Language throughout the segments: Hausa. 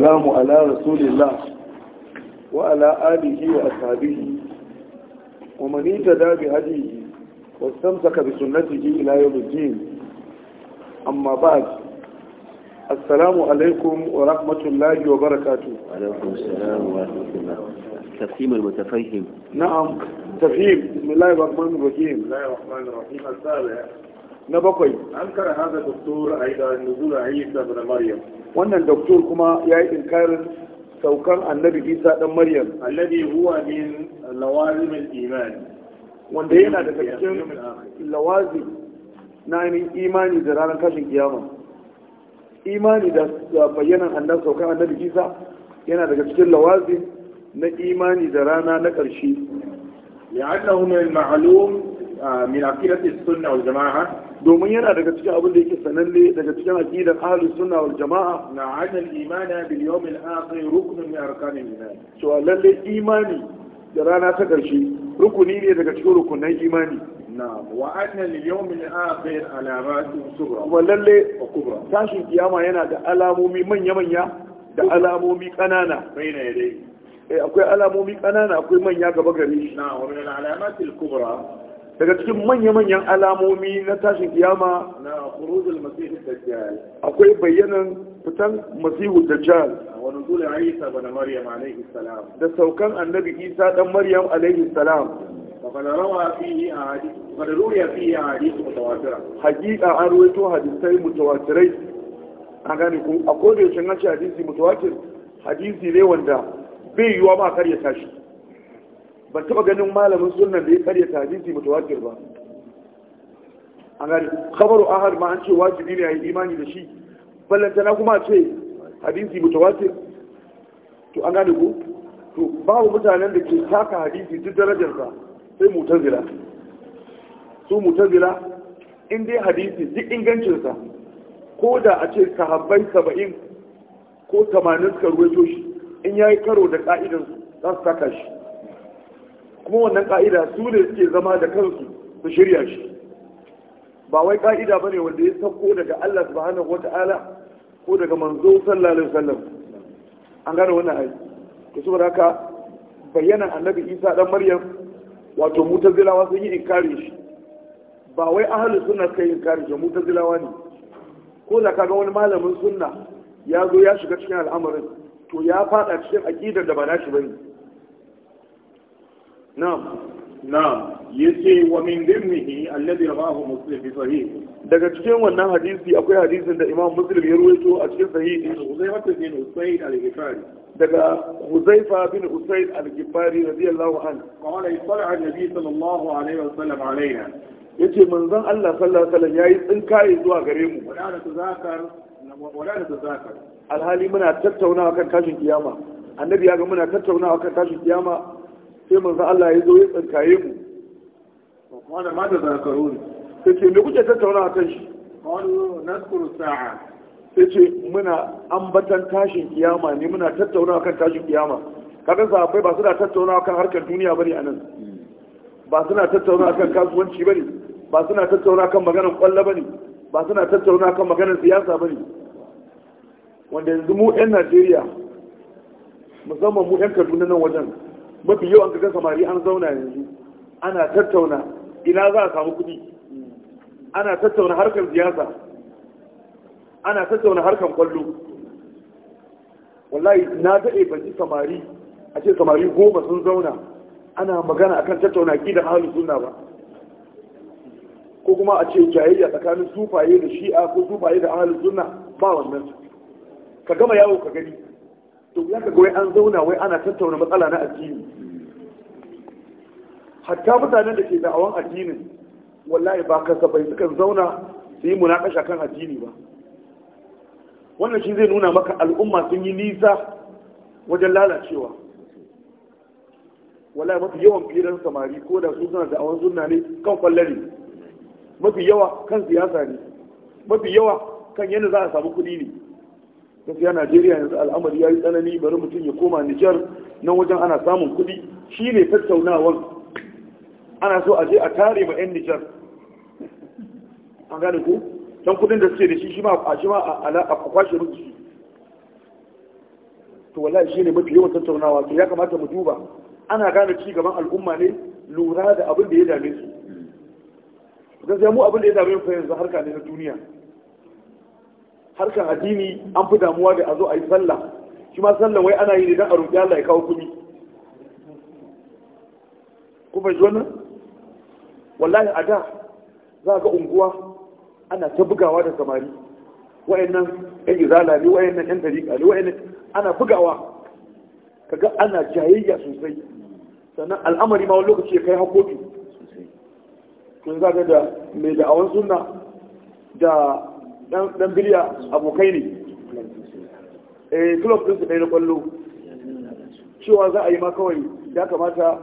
السلام على رسول الله وعلى آله وأصحابه ومن اهتدى بهديه واستمسك بسنته إلى يوم الدين أما بعد السلام عليكم ورحمة الله وبركاته وعليكم السلام ورحمة الله تفهيم المتفهم نعم تفهيم بسم الله الرحمن الرحيم بسم الله الرحمن الرحيم السابع نبقي أنكر هذا الدكتور أيضا نزول عيسى بن مريم wannan doktor kuma ya yi inkarin saukan annabi isa dan maryam alladhi huwa min lawazim al-iman wanda yana daga cikin lawazim na yin imani da ranar kashin kiyama imani da bayyanan annabi saukan annabi isa yana daga cikin lawazim na imani da rana na ƙarshe li'annahu min malum ah, min aqidati sunnah wal jama'ah domin yana daga cikin abin da yake sananne daga cikin aqidar ahli sunna wal jamaa na anal imana bil yawm al akhir ruknun min arkan al iman to lalle imani da rana ta karshe rukuni ne daga cikin rukunan imani na wa anna al yawm al akhir alamatun sughra wa lalle kubra tashin kiyama yana da alamomi manya manya da alamomi kanana bayna yadai eh, akwai alamomi kanana akwai manya gaba gare shi na wa min al alamatil kubra daga cikin manya-manyan alamomi na tashin kiyama na kurozul masihu dajjal akwai bayanan fitan masihu wani wa a isa bin maryam alaihi salam da saukan annabi isa dan maryam alaihi salam faqad rawa fihi ahadith faqad ruya fihi ahadith mutawatira hakika an rawaito hadisai a an gane ko akwai da yake nan hadisi mutawatir hadisi ne wanda bai yiwa ba karya tashi ban taba ganin malamin sunan da ya karya hadisi wajir ba an gani khabaru ahad ma an ce wajibi ne a yi imani da shi ballantana kuma ce hadisi wajir to an gane ku to babu mutanen da ke taka hadisi duk darajarsa sai mutazila su mutazila in dai hadisi duk ingancinsa ko da a ce sahabbai saba'in ko tamanin suka ruwaito shi in ya yi karo da ka'idansu za su taka shi kuma wannan ka'ida su ne suke zama da kansu su shirya shi ba wai ka'ida bane wanda ya sauko daga Allah subhanahu wata'ala ko daga manzo sallallahu alaihi wasallam an gane wannan ai to saboda haka bayyana annabi Isa dan Maryam wato mutazilawa sun yi inkari shi ba wai ahli sunna suka yi inkari shi mutazilawa ne ko da kaga wani malamin sunna ya zo ya shiga cikin al'amarin to ya fada cikin aqidar da ba nashi bane na'am na'am yace wa min dhimmihi alladhi rawahu muslim fi sahih daga cikin wannan hadisi akwai hadisin da imam muslim ya ruwaito a cikin sahih Huzaifa bin Usayd al-Ghifari daga Huzaifa bin Usayd al-Ghifari radiyallahu anhu qala yusalla nabi sallallahu alaihi wasallam alaina yace manzon Allah sallallahu alaihi wasallam yayi tsinkaye zuwa gare mu wala da tazakar wala da tazakar alhali muna tattaunawa kan tashin kiyama annabi ya ga muna tattaunawa kan tashin kiyama sai manzo Allah ya zo ya tsankaye mu wanda ma da zakaru ne sai ce me kuke tattauna kan shi qalu nazkuru sa'a sai ce muna ambatan tashin kiyama ne muna tattauna kan tashin kiyama kaga sahabbai ba suna tattauna kan harkar duniya bane anan ba suna tattauna kan kasuwanci bane ba suna tattauna kan maganar kwallo bane ba suna tattauna kan maganar siyasa bane wanda yanzu mu 'yan Najeriya musamman mu 'yan Kaduna nan wajen mafi yau an kaga samari an zauna yanzu ana tattauna ina za a samu kuɗi ana tattauna harkar siyasa ana tattauna harkar kwallo wallahi na daɗe ban samari a ce samari goma sun zauna ana magana akan tattauna ki da halin suna ba ko kuma a ce jayayya tsakanin sufaye da shi'a ko sufaye da halin suna ba wannan ka gama yawo ka gani to ya kaga wai an zauna wai ana tattauna matsala na addini hatta mutanen da ke da'awan addinin wallahi ba kasa bai suka zauna su yi munakasha kan addini ba wannan shi zai nuna maka al'umma sun yi nisa wajen lalacewa wallahi mafi yawan firan samari ko da su suna da'awan zunna ne kan kwalle ne mafi yawa kan siyasa ne mafi yawa kan yadda za a samu kuɗi ne gaskiya najeriya yanzu al'amari ya yi tsanani bari mutum ya koma nijar nan wajen ana samun kuɗi shi ne tattaunawar ana so a je a tare ma 'yan nijar an gane ko don kudin da suke da shi shi ma a shi ma a kwashe musu to wallahi shi ne mafi yawan tattaunawa to ya kamata mu duba ana gane ci gaban al'umma ne lura da abin da ya dame su gaskiya mu abin da ya dame mu fa yanzu harka ne na duniya harkar addini an fi damuwa da a zo a yi sallah shi ma sallah wai ana yi ne don a rufi Allah ya kawo kuɗi ku fahimci wannan wallahi a da za ga unguwa ana ta bugawa da samari wayannan yan izala ne nan yan dariƙa ne nan ana bugawa kaga ana jayayya sosai sannan al'amari ma wani lokaci ya kai hakoki kun za ga da mai da'awan sunna da dan biliya abokai ne eh club din su ɗaya na kwallo cewa za a yi ma kawai ya kamata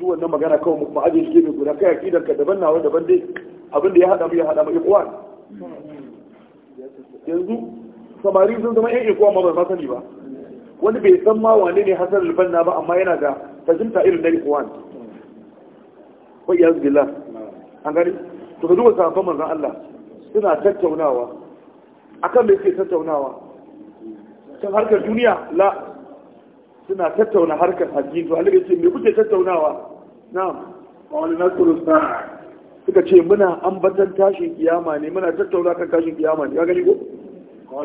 duk wannan magana kawai mu aje shi gefe guda kai akidan ka daban nawa daban dai abin da ya hada mu ya hada mu ikwan yanzu samari sun zama yan ikwan ma ba ma sani ba wani bai san ma wane ne hasan albanna ba amma yana da fahimta irin na ikwan wa iyaz billah an gani to ka duba safan manzon Allah suna tattaunawa akan da yake tattaunawa kan harkar duniya la suna tattauna harkar hajji to Allah ce me kuke tattaunawa na? Wani na sa'a suka ce muna ambatan tashin kiyama ne muna tattauna kan tashin kiyama ne Ya gani ko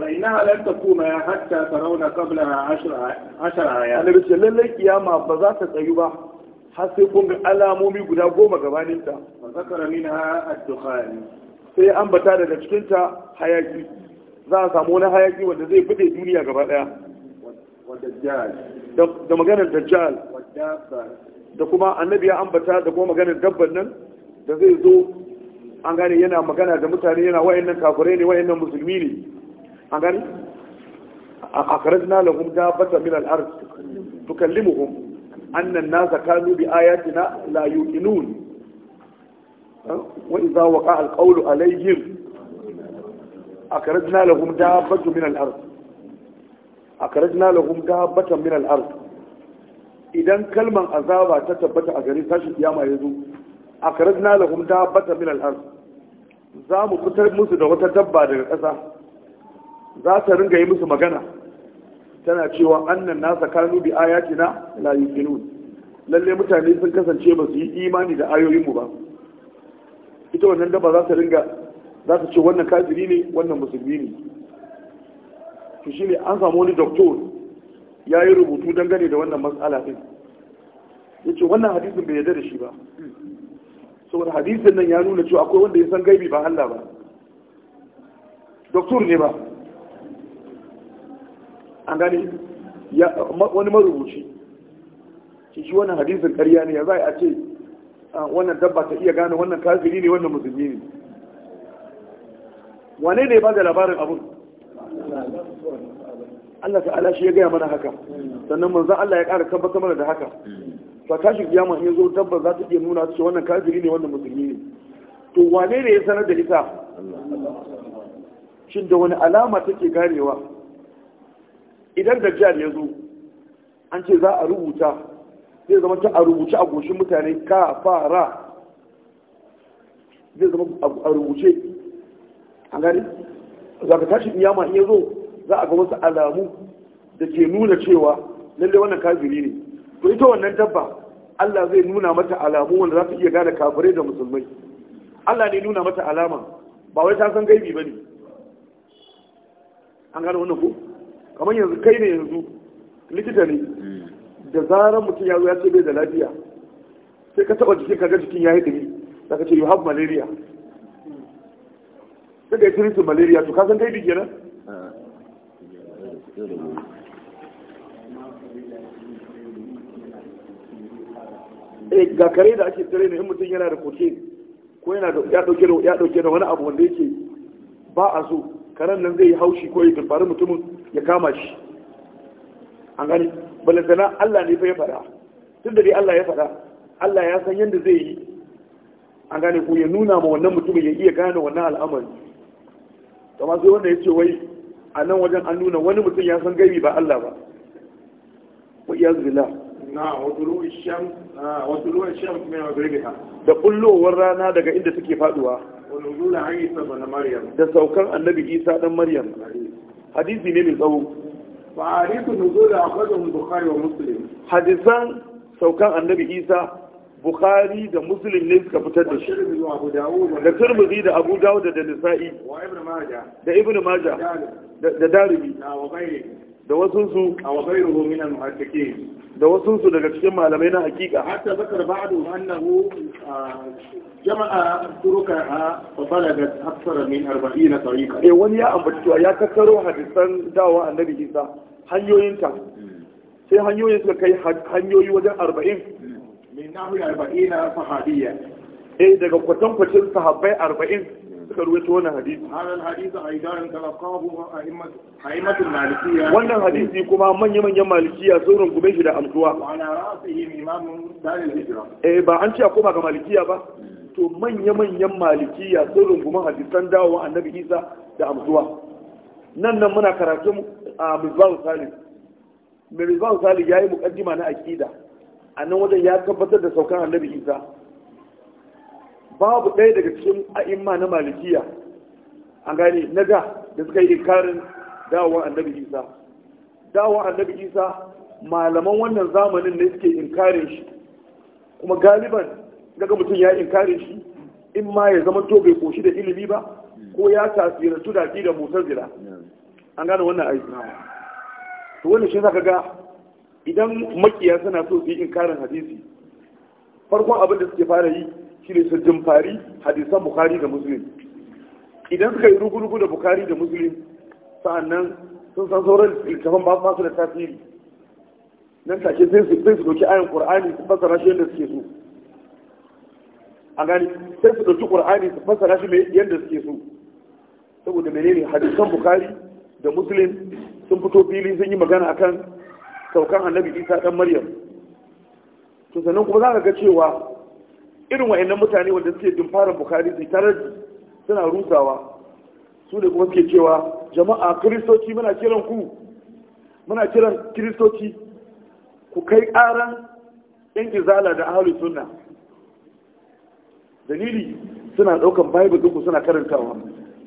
ina inna kuma ya hatta sarauna kabla 10 ayat Allah ya ce lallai kiyama ba za ta tsayu ba har sai kun ga alamomi guda goma gabanin ta zakara minha ad-dukhan sai ambata daga cikinta hayaki za a samu wani hayaki wanda zai bude duniya gaba daya da maganar dajjal da kuma annabi ya ambata da kuma maganar dabban nan da zai zo an gane yana magana da mutane yana wayannan kafirai ne wayannan musulmi ne an gane a karajina lahum dabbata min al-ard tukallimuhum anna an-nasa kanu bi ayatina la yuqinun وإذا وقع القول عليهم أخرجنا لهم دابة من الأرض أخرجنا لهم دابة من الأرض إذا كلمة أذابة تتبت أجري تشد يا ما يزو أخرجنا لهم دابة من الأرض za mu fitar musu da wata dabba daga ƙasa za ta ringa yi musu magana tana cewa annan nasa kanu bi ayatina la yuqinun lalle mutane sun kasance basu yi imani da ayoyinmu ba ita wannan daba za ta ringa za ta ce wannan kafiri ne wannan musulmi ne shi ne an samu wani doktor ya yi rubutu dangane da wannan matsala din ya ce wannan hadisin bai yarda da shi ba saboda hadisin nan ya nuna cewa akwai wanda ya san gaibi ba Allah ba doktor ne ba an gane wani marubuci shi wannan hadisin karya ne ya za a ce wannan dabba ta iya gane wannan kafiri ne wannan musulmi ne wane ne ba da labarin abun Allah ta'ala shi ya gaya mana haka sannan manzan Allah ya ƙara tabbata mana da haka fa tashi kiyama in yanzu, dabba za ta iya nuna cewa wannan kafiri ne wannan musulmi ne to wane ne ya sanar da ita shin da wani alama take ganewa idan dajjal ya zo an ce za a rubuta zai zama ta a rubuce a goshin mutane ka fara zai zama a rubuce a gani za ka tashi iyama iya zo za a ga wasu alamu da ke nuna cewa lalle wannan kafiri ne to ita wannan dabba Allah zai nuna mata alamu wanda za ta iya gane kafirai da musulmai Allah ne nuna mata alama ba wai ta san gaibi ba ne an gane wannan ko kamar yanzu kai ne yanzu likita ne hmm. da zarar mutum ya zo ya ce bai da lafiya sai ka taba jikin kaga jikin ya yi dumi da ka ce you have malaria sai ka yi tiritin malaria to kasan dai bige nan eh ga kare da ake tsere ne in mutum yana da koke ko yana da ya dauke da ya dauke da wani abu wanda yake ba a so karan nan zai yi haushi ko ya turbari mutumin ya kama shi an gani balantana Allah ne fa ya fada tun da dai Allah ya fada Allah ya san yadda zai yi an gane ko ya nuna ma wannan mutumin ya iya gane wannan al'amari kamar sai wanda ya ce wai a nan wajen an nuna wani mutum ya san gaibi ba Allah ba wa iyaz billah na wadulu sham wadulu sham min magribiha da kullowar rana daga inda take faduwa da saukan annabi Isa dan Maryam hadisi ne mai tsawo fa'arifu nuzul akhadhum bukhari wa muslim hadisan saukan annabi isa bukhari da muslim ne suka fitar da shi da turmuzi da abu dawo da nisa'i da Ibn maja da darubi da wasu su da wasu su daga cikin malamai na hakika hatta zakar ba'du annahu ah, jama'a turuka a ah, balagat akthar min 40 tariqa eh wani ya ambaci cewa ya tattaro hadisan dawa annabi Isa ta. Hmm. sai hanyoyin suka kai hanyoyi wajen 40 hmm. min nahu 40 sahabiyya eh daga kwatankwacin sahabbai 40 suka ruwaito wannan hadisi hadal hadisi aidan talaqahu a'immatul malikiya wannan hadisi kuma manya-manyan malikiya sun rungume shi da amsuwa wa dalil hijra eh ba an ce a koma ga malikiya ba to manya-manyan malikiya sun rungume hadisan dawo annabi Isa da amsuwa nan nan muna karatun a Misbahu Salim Misbahu ya yayi muqaddima na aqida a nan wajen ya tabbatar da saukan annabi Isa babu ɗaya daga cikin a'imma na malikiya an gane na da da suka yi ikarin dawowar annabi isa dawowar annabi isa malaman wannan zamanin ne suke inkarin shi kuma galiban daga mutum ya inkarin shi in ma ya zama to bai koshi da ilimi ba ko ya su da da motar zira an gane wannan aiki to wannan shi zaka ga idan makiya suna so su yi inkarin hadisi farkon abin da suke fara yi shine ne su jimfari hadisan bukari da muslim idan suka yi rugu-rugu da bukari da muslim sa'annan sun san sauran littafan ba su da tasiri nan take sai su sai su doki ayin qur'ani su fassara shi yadda suke so a gani sai su doki qur'ani su fassara shi yadda suke so saboda menene hadisan bukari da muslim sun fito fili sun yi magana akan saukan annabi isa dan maryam to sannan kuma za ka ga cewa irin wa'annan mutane wanda suke dumfarin bukari su taraji suna rusawa su da kuma suke cewa jama'a kiristoci muna kiran ku muna kiran kiristoci ku kai ƙaran yan izala da ahalin sunna dalili suna daukan bible duk suna karantawa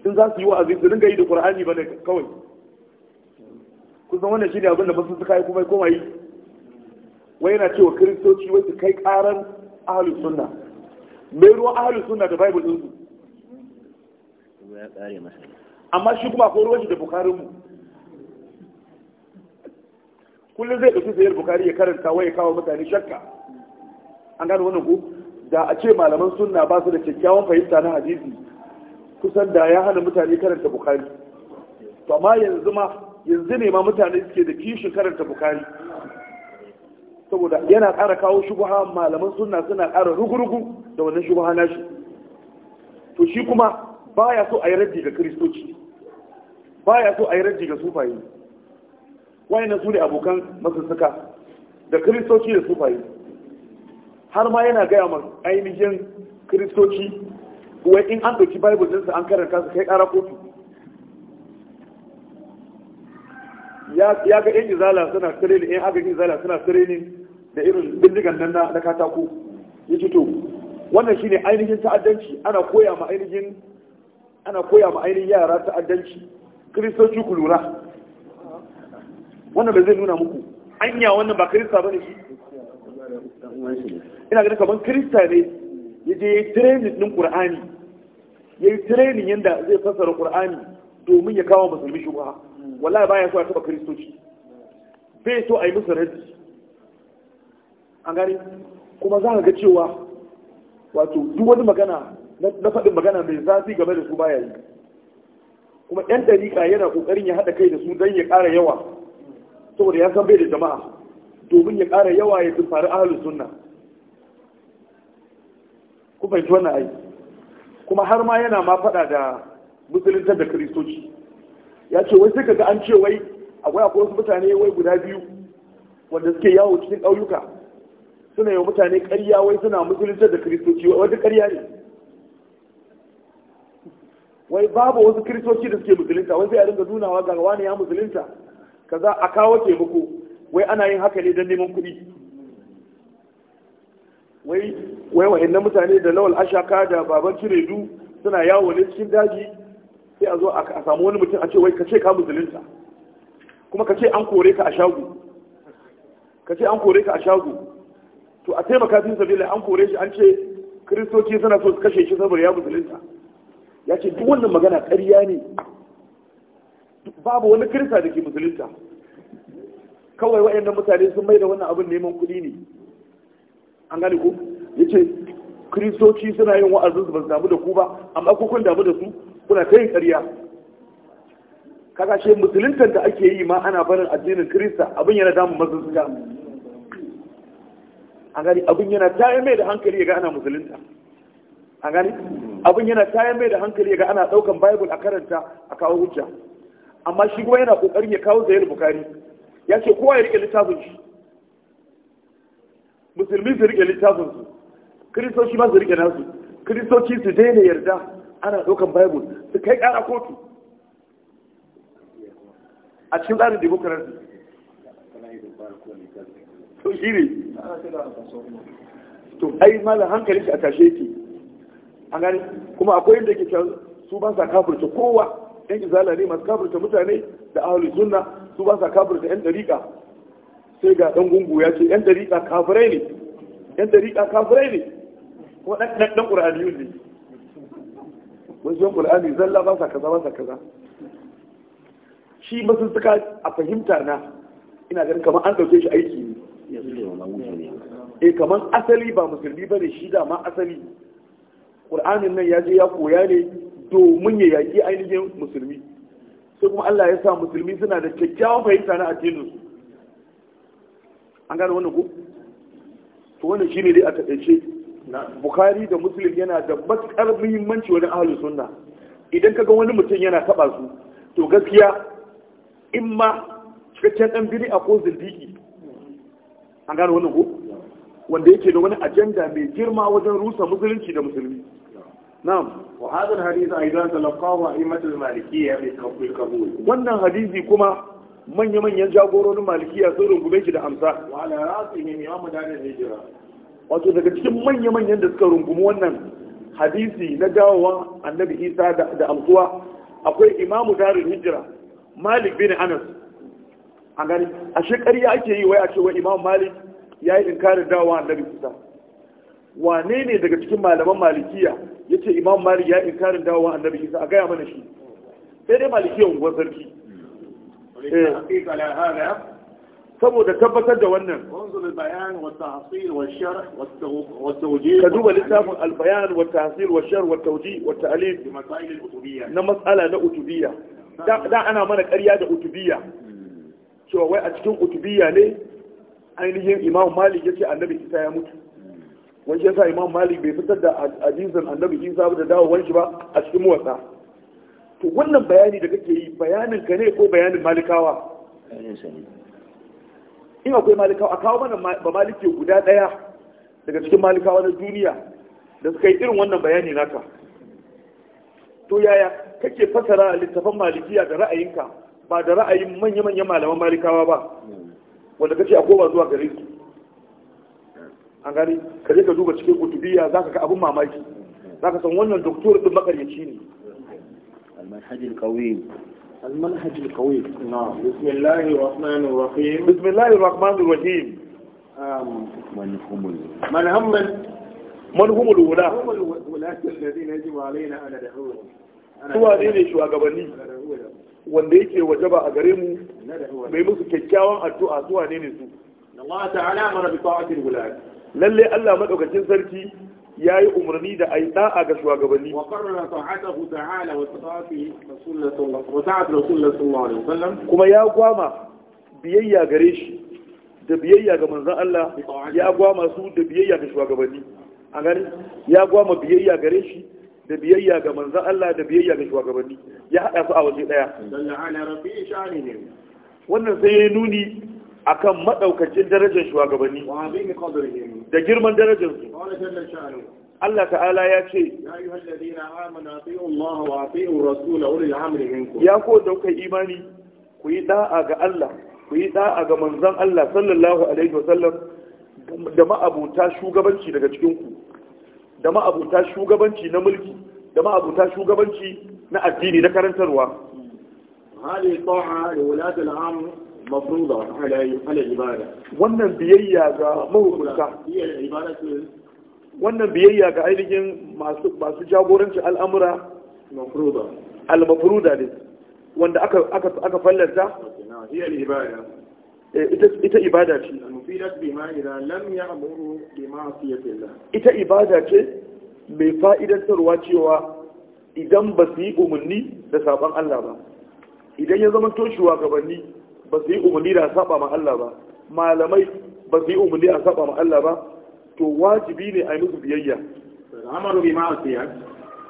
Sun za su yi wa'azi su dinga yi da qur'ani ba ne kawai kusan wannan shine abin da masu suka yi kuma komai wai yana cewa kiristoci wai su kai ƙaran ahalin sunna mai ruwan ahalin suna da bible ɗinsu amma shi kuma ko ruwan shi da bukarinmu kullum zai ɗauki sayar bukari ya karanta wai ya kawo mutane shakka an gano wannan ku da a ce malaman suna ba su da kyakkyawan fahimta na hadisi kusan da ya hana mutane karanta bukari to amma yanzu ma yanzu ne ma mutane suke da kishin karanta bukari saboda yana ƙara kawo shubuha malaman suna, suna ƙara rugurugu da wannan shubuha nashi to shi kuma baya so a yi raddi ga kristoci baya so a yi raddi ga sufaye wayannan su ne abokan masussuka da kristoci da sufaye har ma yana gaya ma ainihin kristoci wai in an ɗauki bible ɗinsa an karanta su kai ƙara kotu ya ga yan izala suna training yan agajin izala suna ne da irin bindigan nan na katako ya ce to wannan ne ainihin ta'addanci ana koya ma ainihin ana koya ma ainihin yara ta'addanci kiristoci ku lura wannan bai zai nuna muku anya wannan ba kirista ba ne shi ina ganin kamar kirista ne ya je ya yi training din qur'ani ya yi training yadda zai fassara qur'ani domin ya kawo musulmi shubha wallahi baya so a taba kristoci bai so a yi musu raddi an gani kuma za a ga cewa wato duk wani magana na faɗin magana mai zafi game da su baya yi kuma ɗan ɗariƙa yana ƙoƙarin ya haɗa kai da su don ya ƙara yawa saboda ya san bai da jama'a domin ya ƙara yawa ya tumfari ahalus sunna ku ci wannan ai kuma har ma yana ma faɗa da musulunta da kiristoci ya ce wai sai ka ga an ce wai akwai akwai wasu mutane wai guda biyu wanda suke yawo cikin ƙauyuka suna yi mutane ƙarya wai suna musulunci da kiristoci wata ƙarya ne wai babu wasu kiristoci da suke musulunta wai sai a dinga nunawa ga wani ya musulunta za a kawo taimako wai ana yin haka ne don neman kuɗi wai wai wa'annan mutane da lawal ashaka da baban ciredu suna yawo ne cikin daji sai a zo a samu wani mutum a ce wai ka ce ka musulunta kuma ka ce an kore ka a shago ka ce an kore ka a shago to a taimaka fi sabila an kore shi an ce kristoci suna so su kashe shi saboda ya musulunta ya ce duk wannan magana ƙarya ne babu wani kirista da ke musulunta kawai waɗannan mutane sun mai da wannan abin neman kuɗi ne an gane ko ya ce kiristoci suna yin wa'azin su ba su damu da ku ba amma ku kun damu da su kuna ta yin ƙarya kaga shi musuluntar da ake yi ma ana barin addinin kirista abin yana damun mazuzuka a gani abin yana tayar mai da hankali ga ana musulunta a gani abin yana tayar mai da hankali ga ana daukan bible a karanta a kawo hujja amma shi kuma yana kokarin ya kawo zayar bukari ya ce kowa ya rike littafin shi musulmi su rike littafin su kiristoci ma su rike nasu kiristoci su daina yarda ana ɗaukan bible su kai ƙara kotu a cikin tsarin demokarasi to shi ne to ai malam hankali shi a tashe ki. an gani kuma akwai inda ke can su ba sa kafirta kowa yan izala ne masu kafirta mutane da ahalus sunna su ba sa kafirta yan dariƙa sai ga ɗan gungu ya ce yan dariƙa kafirai ne yan dariƙa kafirai ne kuma ɗan ɗan ƙur'aniyun ne wajen ƙul'ani zalla ba sa kaza ba sa kaza shi masu suka a fahimta na ina ganin kamar an ɗauke shi aiki ne eh kamar asali ba musulmi ba ne shi dama asali ƙul'anin nan ya je ya koya ne domin ya yaƙi ainihin musulmi sai kuma Allah ya sa musulmi suna da kyakkyawan fahimta na su an gane wannan ko to wannan shine dai a taƙaice bukari da muslim yana da matukar muhimmanci wajen ahalu sunna idan kaga wani mutum yana taba su to gaskiya in ma cikakken dan biri a ko zindiki an gano wannan ko wanda yake da wani ajanda mai girma wajen rusa musulunci da musulmi na'am wa hadha al-hadith aidan talaqahu a'immat al-malikiyya bi qabul wannan hadisi kuma manya-manyan jagororin malikiya sun rungume shi da amsa wa ala rasihim imam dalil hijra wato daga cikin manya-manyan da suka rungumi wannan hadisi na dawowa annabi isa da amsuwa akwai imamu darin hijira malik bin anas a gani a shekari ake yi wai a cewa imam malik ya yi inkarin dawowa annabi isa wane ne daga cikin malaman malikiya ya ce imam malik ya yi inkarin dawowa annabi isa a gaya mana shi sai dai malikiya unguwar sarki saboda tabbatar da wannan ka duba littafin albayan wa tahsir wa shar wa tawji wa ta'lim na matsala na utubiyya da ana mana ƙarya da utubiyya hmm. cewa wai a cikin utubiyya ne ainihin imam malik yace annabi isa ya mutu hmm. wani shi yasa imam malik bai fitar da hadisin annabi isa da dawowar shi ba a cikin muwatsa to wannan bayani da kake yi bayanin ka ne ko bayanin malikawa in akwai malikawa a kawo mana ba malike guda ɗaya daga cikin malikawa na duniya da suka yi irin wannan bayani naka to yaya kake fasara littafan malikiya da ra'ayinka ba da ra'ayin manya-manyan malaman malikawa ba wanda kace a koma zuwa gare su an gani ka je ka duba cikin kutubiya za ka ga abin mamaki za ka san wannan doktor din makaryaci ne المنهج القوي نعم بسم الله الرحمن الرحيم بسم الله الرحمن الرحيم من هم من هم من هم الولاة هم الولاة الذين يجب علينا أن ندعوهم هو دين شو أقبلني wanda yake wajaba a gare mu mai musu kyakkyawan addu'a zuwa ne ne su Allah ta'ala mara bi ta'atil wulad lalle Allah madaukakin sarki ya yi umarni da a yi da'a ga shugabanni kuma ya gwama biyayya gare shi da biyayya ga manzan Allah ya gwama su da biyayya ga shugabanni a gani ya gwama biyayya gare shi da biyayya ga manzan Allah da biyayya ga shugabanni ya haɗa su a waje ɗaya wannan sai ya nuni akan maɗaukacin darajar shugabanni da girman darajar su Allah ta'ala ya ce ya ko da imani ku yi da'a ga Allah ku yi da'a ga manzan Allah sallallahu alaihi wasallam da ma'abuta shugabanci daga cikin ku da ma'abuta shugabanci na mulki da ma'abuta shugabanci na addini na karantarwa hali ta'a da amr mafruda ala ibada wannan biyayya ga mahukunta wannan biyayya ga ainihin masu jagorancin al'amura al-mafruda ne wanda aka fallanta ita ibada ce ita ibada ce mai fa'idantarwa cewa idan ba su yi umarni da sabon Allah ba idan ya zama toshewa gabanni ba su yi umarni da saba ma Allah ba malamai ba su yi umarni a saba ma Allah ba to wajibi ne a yi musu biyayya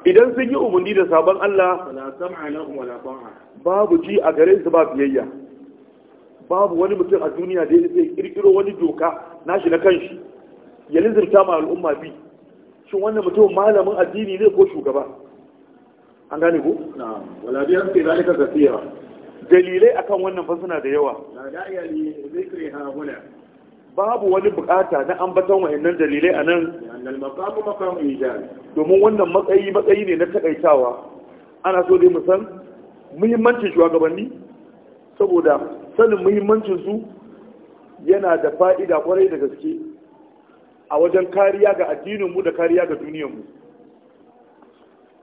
idan sun yi umarni da sabon Allah babu ji a gare su ba biyayya babu wani mutum a duniya da ya zai kirkiro wani doka nashi na kanshi ya lizirta ma al'umma bi shin wannan mutum malamin addini ne ko shugaba an gane ko na wala biyar ke zalika kasira dalilai akan wannan fasuna da yawa babu wani bukata na ambaton wayannan dalilai a nan domin wannan matsayi matsayi ne na takaitawa ana so dai mu san muhimmancin shugabanni saboda sanin muhimmancin su yana da fa'ida kwarai da gaske a wajen kariya ga addininmu da kariya ga duniyarmu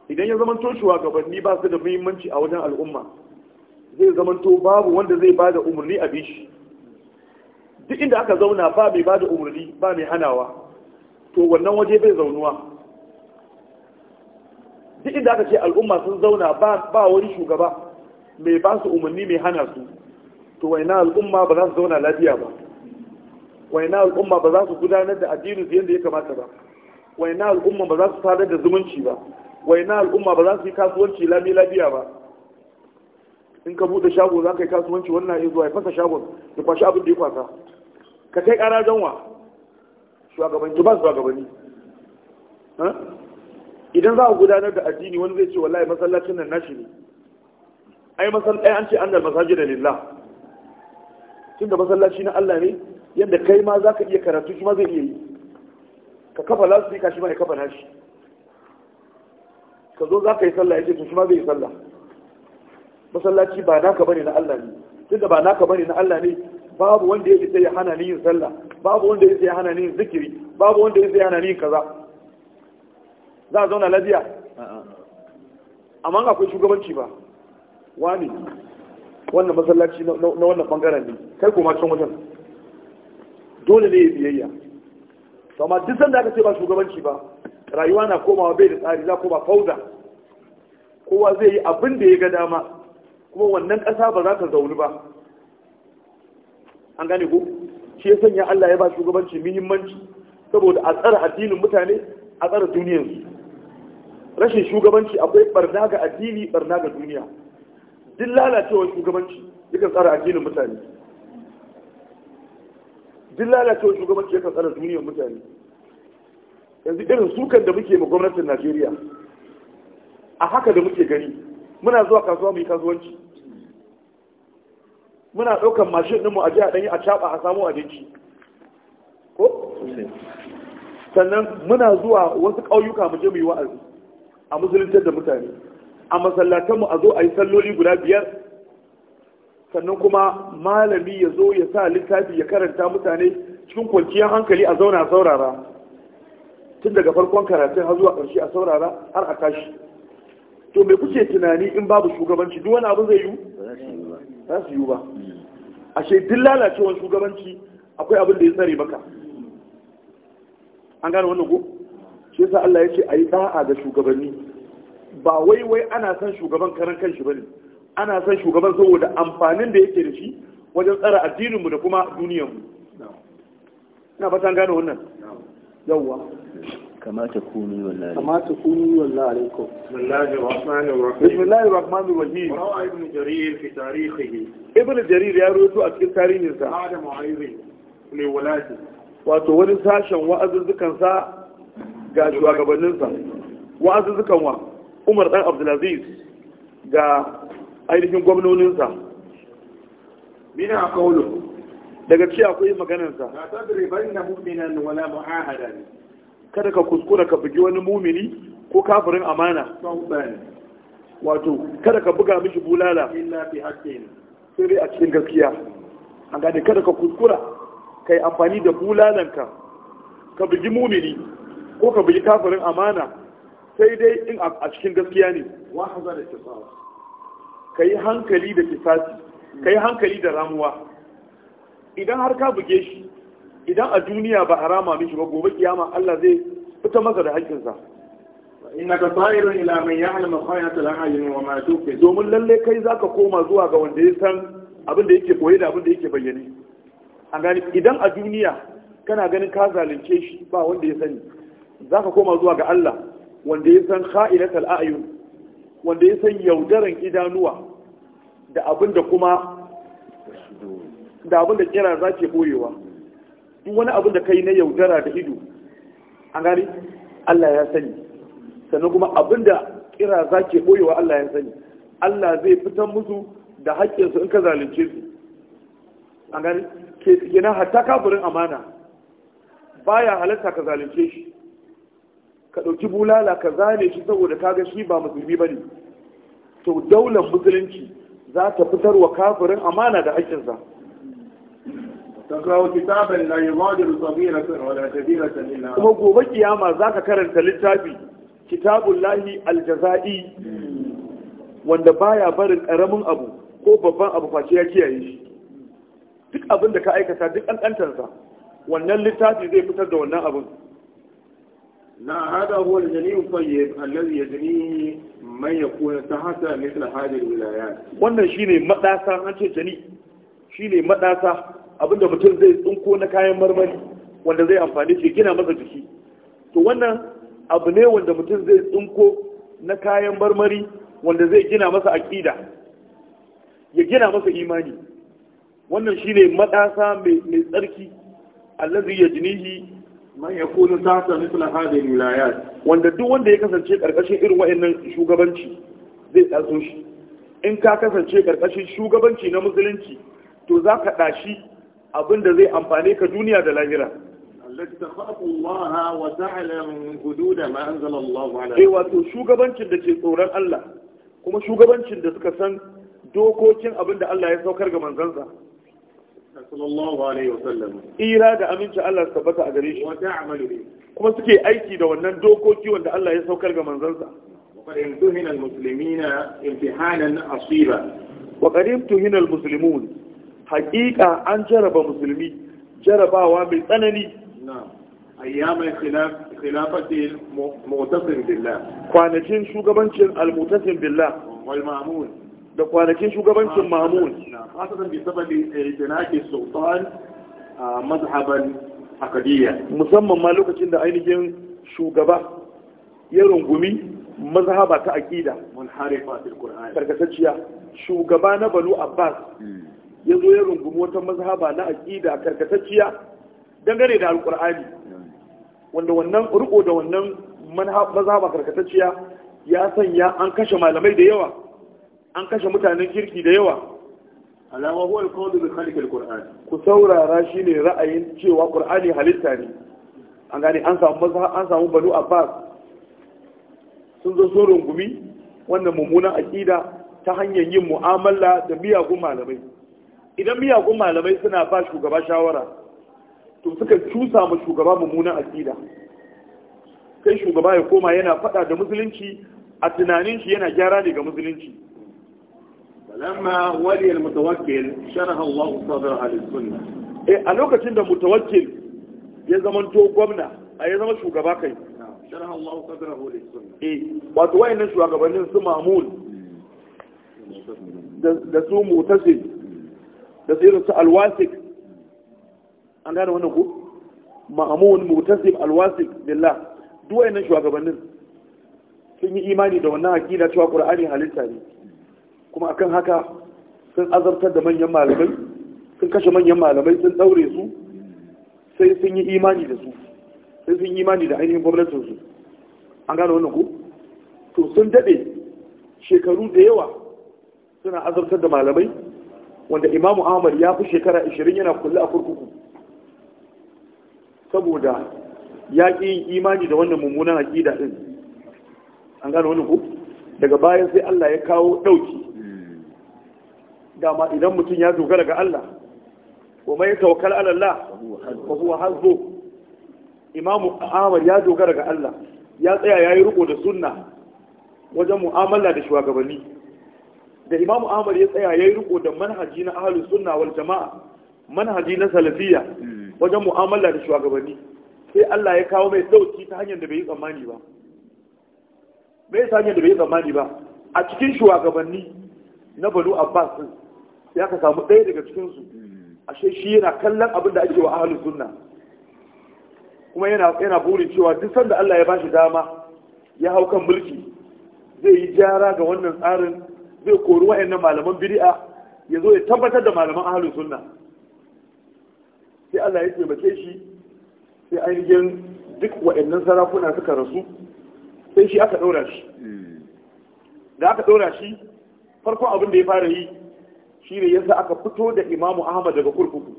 idan ya zama to shugabanni ba su da muhimmanci a wajen al'umma zai zamanto babu wanda zai bada umarni a bishi duk inda aka zauna ba mai bada umarni ba mai hanawa to wannan waje bai zaunuwa duk inda aka ce al'umma sun zauna ba wani shugaba mai ba su umarni mai hana su to waina al'umma ba za su zauna lafiya ba waina al'umma ba za su gudanar da addinin su yadda ya kamata ba waina al'umma ba za su sadar da zumunci ba waina al'umma ba za su yi kasuwanci lami lafiya ba in ka bude shago za ka yi kasuwanci wannan ya zuwa ya fasa shagon ya kwashi abin da ya kwasa ka kai kara wa shugabanni ba su shugabanni idan za a gudanar da addini wani zai ce wallahi masallacin nan nashi ne ai masallaci an ce an annal lilla tun tunda masallaci na Allah ne yadda kai ma za ka iya karatu shi ma zai iya yi ka kafa ka shi ma ya kafa nashi ka zo za ka yi sallah ya ce to shi ma zai yi sallah masallaci ba naka bane na Allah ne tunda ba naka bane na Allah ne babu wanda ya isa ya hana ni yin sallah babu wanda ya isa ya hana ni yin zikiri babu wanda ya isa ya hana ni yin kaza za a zauna lafiya amma akwai shugabanci ba wani wannan masallaci na wannan bangaren ne kai kuma can wajen dole ne ya biyayya amma duk sanda aka ce ba shugabanci ba rayuwa na komawa bai da tsari za ko ba fauda kowa zai yi abin da ya ga dama kuma wannan ƙasa ba za ta zauni ba an gane ko shi ya sanya Allah ya ba shugabanci muhimmanci saboda a tsara addinin mutane a tsara duniyansu. rashin shugabanci akwai barna ga addini barna ga duniya duk lalacewar shugabanci yakan tsara addinin mutane duk lalacewar shugabanci yakan tsara duniyar mutane yanzu irin sukan da muke ma gwamnatin Najeriya a haka da muke gani muna zuwa kasuwa mai kasuwanci muna ɗaukar mashin ɗinmu a jiya ɗanyi a caɓa a samu abinci ko sannan muna zuwa wasu ƙauyuka mu je mu yi wa'azi a musuluntar da mutane a masallatanmu a zo a yi salloli guda biyar sannan kuma malami ya zo ya sa littafi ya karanta mutane cikin kwanciyar hankali a zauna a saurara tun daga farkon karatun har zuwa ƙarshe a saurara har a tashi to me kuke tunani in babu shugabanci duk wani abu zai yi za su yiwu ba a duk lalacewar shugabanci akwai abin da ya tsare maka an gane wannan ko shi sa Allah ya ce a yi da'a ga shugabanni ba wai wai ana son shugaban karan kan shi ba ne ana son shugaban saboda amfanin da yake da shi wajen tsara addininmu da kuma duniyarmu ina an gane wannan yawwa كما تكوني والله عليكم كما تكوني والله عليكم بسم الله الرحمن الرحيم بسم الله الرحمن الرحيم روى ابن جرير في تاريخه ابن جرير يا روتو اكيد تاريخ نسا هذا معيبي من ولاده واتو ولن ساشن وعز ذكن سا جاشوا قبل ننسا وعز ذكن وا عمر بن عبد العزيز جا ايرهم قبل ننسا من اقوله daga ci akwai maganar sa ta tadri bayna mu'mina wala kada ka kuskura ka bugi wani mumini ko kafirin amana wato kada ka buga mishi bulala sai dai a cikin gaskiya an gane kada ka kuskura ka yi amfani da bulalanka ka bugi mumini ko ka bugi kafirin amana sai dai in a cikin gaskiya ne ka yi hankali da kisasi ka yi hankali da ramuwa idan har ka buge shi idan a duniya ba harama mishi ba gobe kiyama Allah zai fita masa da haƙƙinsa innaka sa'irun ila man ya'lamu khayrat al-a'yun wa ma tukhfi domin lalle kai zaka koma zuwa ga wanda ya san abin da yake koyi da abin da yake bayyane an gani idan a duniya kana ganin ka zalunce shi ba wanda ya sani zaka koma zuwa ga Allah wanda ya san kha'ilat al-a'yun wanda ya san yaudaran idanuwa da abin da kuma da abin da kira za ke duk wani abin da kai na yaudara da ido an gani Allah ya sani sannan kuma abin da kira za ke boyewa Allah ya sani Allah zai fitan musu da haƙƙinsu in ka zalunce su an gani ke yana hatta kafirin amana baya halatta ka zalunce shi ka ɗauki bulala ka zane shi saboda kaga shi ba musulmi ba ne to daular musulunci za ta fitar wa kafirin amana da haƙƙinsa kuma gobe kiyama za ka karanta littafi kitabun lahi aljaza'i wanda baya barin karamin abu ko babban abu face ya kiyaye shi duk abin da ka aikata duk ƙanƙantarsa wannan littafi zai fitar da wannan abin لا هذا هو الجنين الطيب الذي يجنيه من يكون تحت مثل هذه الولايات wannan shine madasa an ce jani shine madasa abinda mutum zai tsinko na kayan marmari wanda zai amfani shi gina masa jiki to wannan abu ne wanda mutum zai tsinko na kayan marmari wanda zai gina masa aƙida ya gina masa imani wannan shi ne matasa mai tsarki allazi jinihi, man yakunu tahta mithla hadhihi alwilayat wanda duk wanda ya kasance karkashin irin wa'annan shugabanci zai tsarsun shi in ka kasance karkashin shugabanci na musulunci to za ka ɗashi abin da zai amfane ka duniya da lahira allati takhafu Allah wa ta'lamu hudud ma anzala Allah ala eh wato shugabancin da ke tsoron Allah kuma shugabancin da suka san dokokin abin da Allah ya saukar ga manzansa sallallahu alaihi wasallam ira da aminci Allah suka tabbata a gare shi wa ta'malu bi kuma suke aiki da wannan dokoki wanda Allah ya saukar ga manzansa وقد امتهن المسلمين امتحانا عصيبا وقد امتهن المسلمون haƙiƙa an jaraba musulmi jarabawa mai tsanani kwanakin shugabancin almutasin billah da kwanakin shugabancin ma'mun musamman ma lokacin da ainihin shugaba ya rungumi mazhaba ta aƙida. karkatacciya shugaba na Balu abbas hmm. ya zo ya rungumi wata mazhaba na aƙida karkatacciya dangane da alƙur'ani wanda wannan riko da wannan mazhaba karkatacciya ya sanya an kashe malamai da yawa an kashe mutanen kirki da yawa alama huwa alƙawar da kalli alƙur'ani ku saurara shine ra'ayin cewa ƙur'ani halitta ne an gane an samu mazhab an samu banu abbas sun zo sun rungumi wannan mummunan aƙida ta hanyar yin mu'amala da miyagun malamai idan miyagun malamai suna ba shugaba shawara to suka cusa ma shugaba mummunan aƙida sai shugaba ya koma yana faɗa da musulunci a tunanin shi yana gyara ne ga musulunci lamma wali al-mutawakkil sharaha Allah sadraha lis-sunnah eh a lokacin da mutawakkil ya zama to gwamna a ya zama shugaba kai sharaha Allah sadrahu lis-sunnah eh wato wayannan shugabannin su mamul da su mutasil da su irin su alwasik an gane wannan ku ma'amun mutasib alwasik billah duk wayannan shugabannin sun yi imani da wannan aqida cewa qur'ani halitta ne kuma akan haka sun azabtar da manyan malamai sun kashe manyan malamai sun daure su sai sun yi imani da su sai sun yi imani da ainihin su. an gane wannan ku to sun dade shekaru da yawa suna azabtar da malamai wanda imamu ahmad ya fi shekara 20 yana kulle a kurkuku saboda ya ƙi imani da wannan mummunan aƙida ɗin an gano wani ku daga bayan sai Allah ya kawo ɗauki dama idan mutum ya dogara ga Allah wa mai tawakkal ala Allah wa huwa hazzo imamu ahmad ya dogara ga Allah ya tsaya ya yi riko da sunna wajen mu'amala da shugabanni da imamu ahmad ya tsaya ya yi riko da manhaji na ahalin sunna wal jama'a manhaji na salafiya hmm. wajen mu'amala da shugabanni sai Allah ya kawo mai sauki ta hanyar da bai yi tsammani ba bai ta hanyar da bai yi tsammani ba a cikin shugabanni na banu abbas ya ka samu ɗaya daga cikin su hmm. ashe shi yana kallon abin da ake wa ahalin sunna kuma yana yana burin cewa duk sanda Allah ya ba shi dama ya hau kan mulki zai yi jara ga wannan tsarin zai kori wa'annan malaman biri'a, ya zo ya tabbatar da malaman ahalin sunna sai Allah ya taimake shi sai ainihin duk wa'annan sarakuna suka rasu sai shi aka ɗaura shi da aka ɗaura shi farkon abin da ya fara yi shi ne yasa aka fito da imamu ahmad daga kurkuku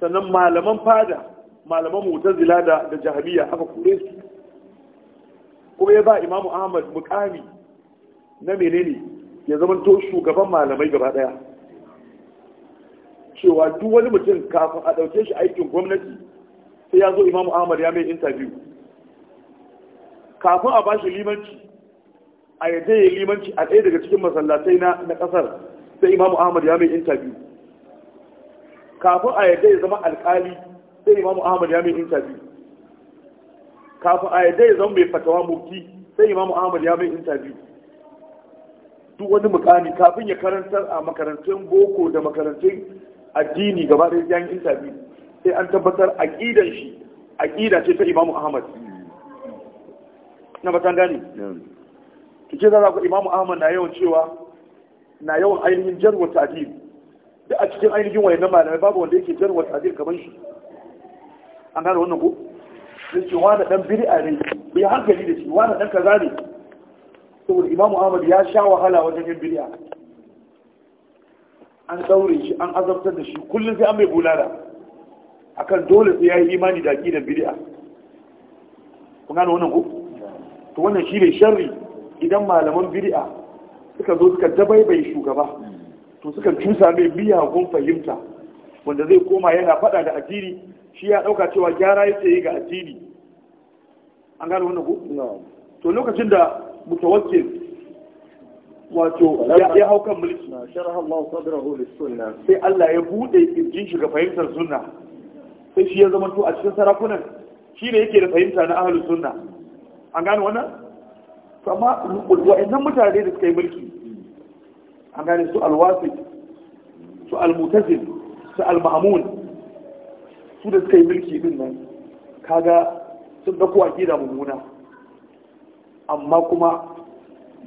sannan malaman fada malaman mutazila zila da jahabiya aka kure su kuma ya ba imamu ahmad mukami na menene ya zama to shugaban malamai gaba daya cewa duk wani mutum kafin a ɗauke shi aikin gwamnati sai ya zo imamu ahmad ya mai intabi. kafin a bashi limanci a yadda ya limanci a ɗaya daga cikin masallatai na ƙasar sai imamu ahmad ya mai intabi. kafin a yadda ya zama alƙali sai imamu ahmad ya mai intabi. kafin a yadda ya zama mai fatawa mufti sai imamu ahmad ya mai intabi. duk wani mukami kafin ya karantar a makarantun boko da makarantun addini gaba da yan intabi sai an tabbatar aqidan shi aqida ce ta Imam Ahmad na batan gani kike za ku Imam Ahmad na yawan cewa na yawan ainihin jarwa ta'dil da a cikin ainihin wayannan malamai babu wanda yake jarwa ta'dil kaman shi an gane wannan ko sai ce wani dan bid'a ne bi hankali da shi wani dan kaza ne saboda imamu ahmad ya sha wahala wajen yin bid'a an daure shi an azabtar da shi kullum sai an mai bulala akan dole sai ya yi imani da aqidar bid'a kun gano wannan ko to wannan shi ne sharri idan malaman bid'a suka zo suka dabaibai shugaba to suka cusa mai miyagun fahimta wanda zai koma yana fada da addini shi ya dauka cewa gyara yake yi ga addini an gano wannan ko to lokacin da mutawakkil wato ya hau kan mulki sai Allah ya bude kirjin shi ga fahimtar sunna sai shi ya zama to a cikin sarakunan shi ne yake da fahimta na ahlus sunna an gane wannan amma wa'annan mutane da suka yi mulki an gane su alwasi su almutazil su almamun su da suka yi mulki din nan kaga sun dauko akida mummuna amma kuma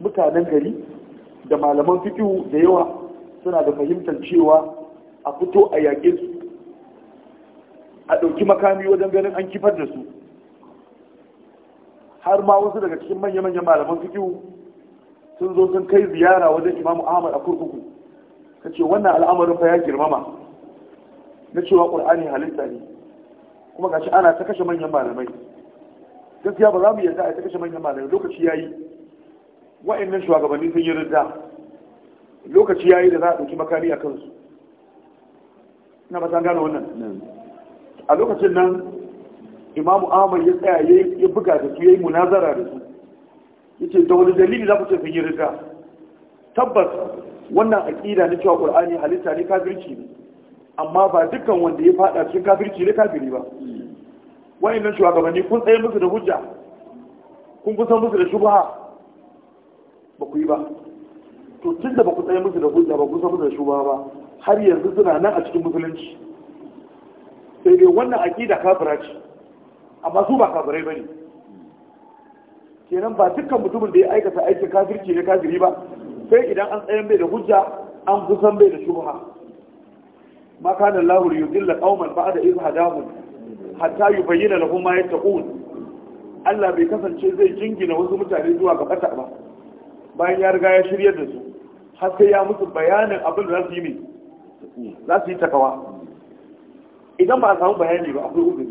mutanen gari da malaman fikihu da yawa suna da fahimtar cewa a fito a yaƙe su a ɗauki makami wajen ganin an kifar da su har ma wasu daga cikin manya-manyan malaman fikihu sun zo sun kai ziyara wajen imamu ahmad a kurkuku ka ce wannan al'amarin fa ya girmama na cewa ƙur'ani halitta ne kuma gashi ana ta kashe manyan malamai gaskiya ba za mu yarda a ta kashe manyan malamai lokaci ya yi wa'annan shugabanni sun yi ridda lokaci ya yi da za a ɗauki makami a kansu na ba gane wannan a lokacin nan imamu ahmad ya tsaya ya buga da su ya yi munazara da su ya ce da wani dalili za ku ce sun yi ridda tabbas wannan aƙida na cewa ƙur'ani halitta ne kafirci ne amma ba dukkan wanda ya faɗa cikin kafirci ne kafiri ba hmm. wayannan shugabanni kun tsaye musu da hujja kun kusan musu da shubha ba ku yi ba to tun da ba ku tsaye musu da hujja ba kusa musu da shubha ba har yanzu suna nan a cikin musulunci sai dai wannan aqida kafira ce amma su ba kafirai bane kenan ba dukkan mutumin da ya aikata aikin kafirci ne kafiri ba sai idan an tsayan bai da hujja an kusan bai da shubha ma kana Allahu yudilla qauman ba'da iz hadahum hatta yi bayyana lahu ma ya taƙun Allah bai kasance zai jingina wasu mutane zuwa ga ba bayan ya riga ya shiryar da su har sai ya musu bayanin abin da za su yi mai za su yi takawa idan ba a samu bayani ba akwai uzuri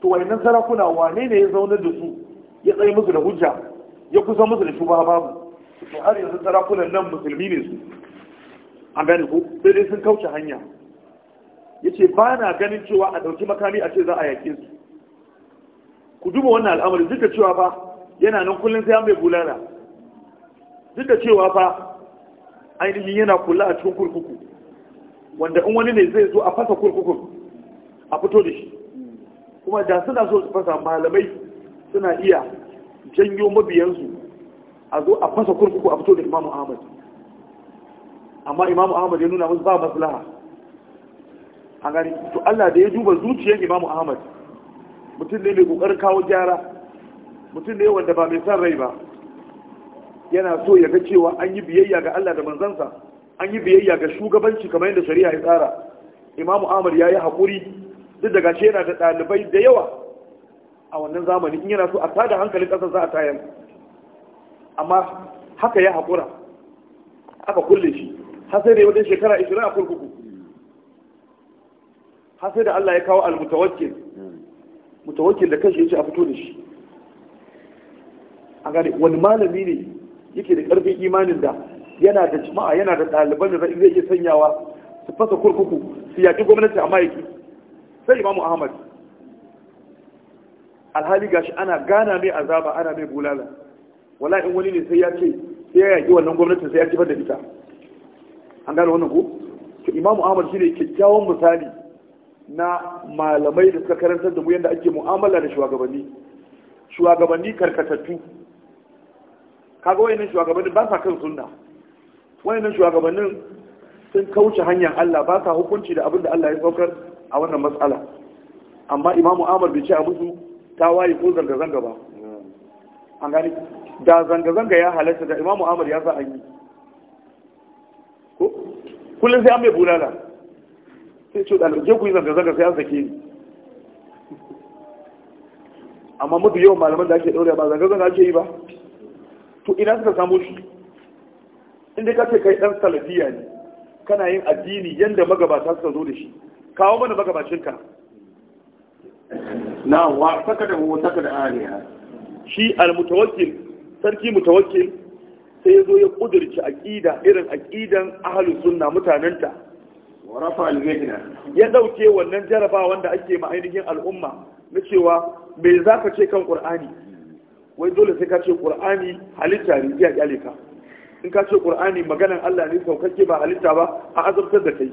to nan sarakuna wane ne ya zaunar da su ya tsaye musu da hujja ya kusa musu da shugaba babu to har yanzu sarakunan nan musulmi ne su an gani ko sai dai sun kauce hanya yace ba na ganin cewa a ɗauki makami a ce za a yaƙe su ku duba wannan al'amari duk da cewa ba yana nan kullun sai an bai bulala duk da cewa fa ainihin yana kula a cikin kurkuku wanda in wani ne zai zo a fasa kurkukun a fito da shi kuma da suna so su fasa malamai suna iya janyo mabiyansu a zo a fasa kurkuku a fito da imamu ahmad amma imamu ahmad ya nuna musu ba maslaha a gani to Allah da ya duba zuciyar Imam Ahmad mutum ne mai kokarin kawo gyara mutum ne wanda ba mai san rai ba yana so ya ga cewa an yi biyayya ga Allah da manzansa an yi biyayya ga shugabanci kamar yadda shari'a ya tsara Imam Ahmad ya yi haƙuri duk daga ce yana da ɗalibai da yawa a wannan zamani in yana so a tada hankalin ƙasar za a tayar amma haka ya haƙura aka kulle shi har sai da wajen shekara 20 a kurkuku har sai da Allah ya kawo al-mutawakkil mutawakkil da kanshi yace a fito da shi a gane wani malami ne yake da karfin imanin da yana da jama'a yana da ɗaliban da zai iya sanyawa su fasa kurkuku su yaƙi gwamnati a mayaki sai imamu ahmad alhali gashi ana gana mai azaba ana mai bulala wala in wani ne sai ya ce sai ya yaƙi wannan gwamnatin sai ya kifar da ita an gane wannan ko Imam imamu ahmad ne kyakkyawan misali na malamai da suka karantar da mu yadda ake mu'amala da shugabanni shugabanni karkatattu kaga wayannan shugabannin ba sa kan sunna wayannan shugabannin sun kauce hanyar Allah ba sa hukunci da abin da Allah ya saukar a wannan matsala amma imamu Ahmad bai ce a musu tawaye ko zanga-zanga ba an gani da zanga-zanga ya halatta da imamu Ahmad ya sa an yi ko kullum sai an mai bulala sai ce ɗalibai je ku yi zanga-zanga sai an sake ni amma mutu yawan malaman da ake ɗaure ba zanga-zanga ake yi ba to ina suka samu shi inda ka ce kai ɗan salafiya ne kana yin addini yadda magabata suka zo da shi kawo mana magabacinka na wa saka da wa saka da aliya shi almutawakkil sarki mutawakkil sai ya zo ya kudurci aqida irin aqidan ahlus sunna mutananta ya ɗauke wannan jaraba da ake ma ainihin al'umma na cewa me za ka ce kan ƙur'ani wai dole sai ka ce ƙur'ani halitta ne ya ƙyale ka in ka ce ƙur'ani maganan Allah ne saukakke ba halitta ba a azabtar da kai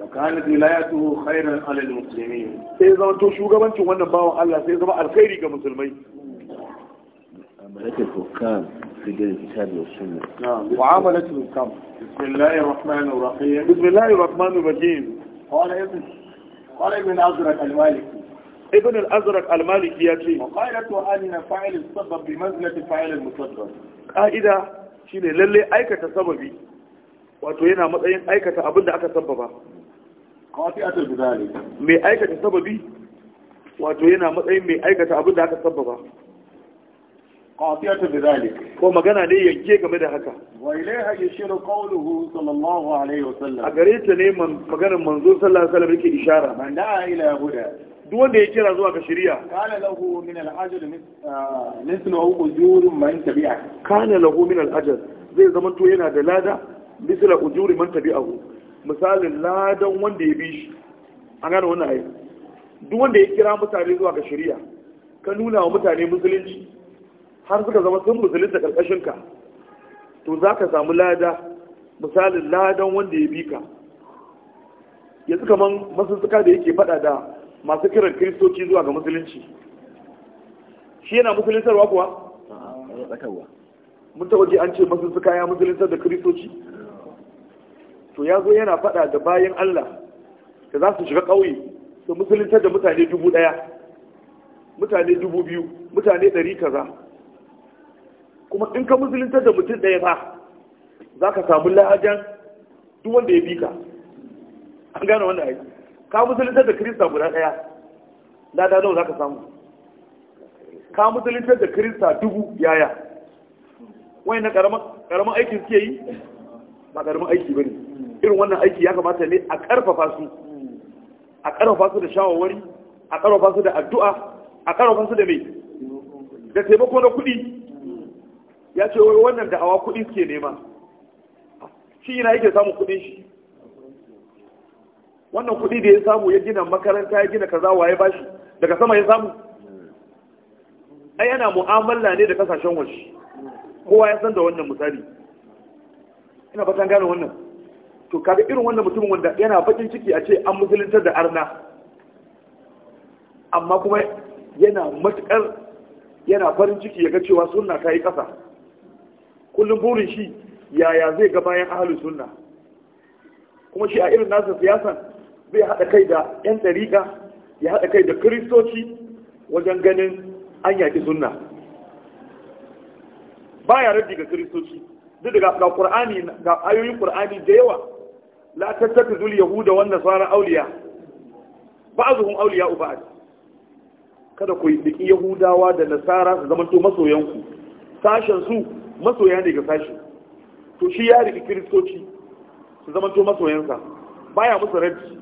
وكانت ولايته خيرا على المسلمين sai zama to shugabancin wannan bawan Allah sai zama alkhairi ga musulmai معاملة الحكام في دين الكتاب والسنة نعم معاملة الحكام بسم الله الرحمن الرحيم بسم الله الرحمن الرحيم قال ابن قال ابن أزرق المالكي ابن الأزرق المالكي يأتي وقالة أن فاعل السبب بمنزلة فاعل المسبب قائدة شيء للي أيكة سببي wato yana matsayin aikata abin da aka sababa mai aikata sababi wato yana matsayin mai aikata abin da aka sababa qatiyatu bidhalik ko magana ne yanke game da haka wa ilaiha yashiru qawluhu sallallahu alaihi wa wasallam a gare ta ne maganar manzo sallallahu alaihi wasallam yake ishara man da'a ila huda duk wanda ya kira zuwa ga shari'a kana lahu min al-ajr mithlu ah, ujur man tabi'a kana lahu min al-ajr zai zama to yana da lada mithlu ujur man tabi'ahu misalin ladan wanda ya bi shi an gane wannan ayi duk wanda ya kira mutane zuwa ga shari'a ka nuna wa mutane musulunci har suka zama sun musulunta ka, to za ka samu lada misalin ladan wanda ya bi ka Ya suka man masussuka da yake faɗa da masu kiran kiristoci zuwa ga musulunci shi yana musuluntarwa kuwa? mun taɓa ji an ce masussuka ya musuluntar da kiristoci to ya zo yana faɗa da bayan Allah da za su shiga ƙauye su musuluntar da mutane dubu ɗaya mutane dubu biyu mutane ɗari kaza kuma in ka musulunta da mutum ɗaya ba za ka samu lahajan duk wanda ya bi ka an gane wannan aiki ka musulunta da kirista guda ɗaya lada nawa za ka samu ka musulunta da kirista dubu yaya wani na ƙaramin aiki suke yi ba ƙaramin aiki ba ne irin wannan aiki ya kamata ne a ƙarfafa su a ƙarfafa su da shawarwari a ƙarfafa su da addu'a a ƙarfafa su da mai da taimako na kuɗi ya ce wai wannan da hawa kudi suke nema shi ina yake samun kuɗin shi wannan kuɗi da ya samu ya gina makaranta ya gina kaza waye bashi daga sama ya samu ai yana mu'amala ne da kasashen waje kowa ya san da wannan misali ina fatan gane wannan to kaga irin wannan mutumin wanda yana bakin ciki a ce an musuluntar da arna amma kuma yana matukar yana farin ciki ya ga cewa sunna ta yi ƙasa kullum burin shi yaya zai ga bayan ahalin sunna kuma shi a irin nasa siyasan zai haɗa kai da 'yan ɗariƙa ya haɗa kai da kiristoci wajen ganin an yaƙi sunna ba ya raddi ga kiristoci duk da ga ƙur'ani ga ayoyin ƙur'ani da yawa la tattaka zul yahuda wan nasara auliya ba'dhum auliya ba'd kada ku yi yahudawa da nasara su zama masoyanku sashen su masoya ne ga sashi to shi ya riƙi kiristoci su zama to masoyansa baya musu raddi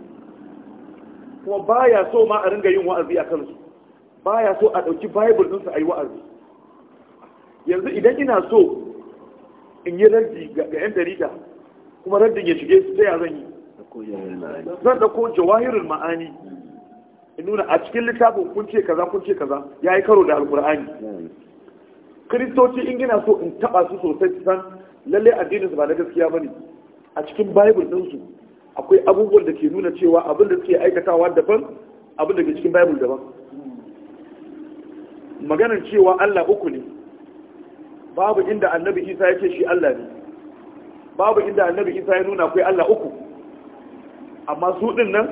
kuma baya so ma a ringa yin wa'azi a kansu baya so a ɗauki bible ɗinsu a yi wa'azi yanzu idan ina so in yi raddi ga 'yan jarida kuma raddin ya shige su ta ya zan yi zan ɗauko jawahirin ma'ani in nuna a cikin littafin kun ce kaza kun ce kaza ya yi karo da alkur'ani kiristoci in gina so in taba su sosai su san lalle addinin su ba na gaskiya ba ne. a cikin bible din su akwai abubuwan da ke nuna cewa abin da suke aikatawa daban abin da ke cikin bible daban maganar cewa Allah uku ne babu inda annabi Isa yake shi Allah ne babu inda annabi Isa ya nuna akwai Allah uku amma su din nan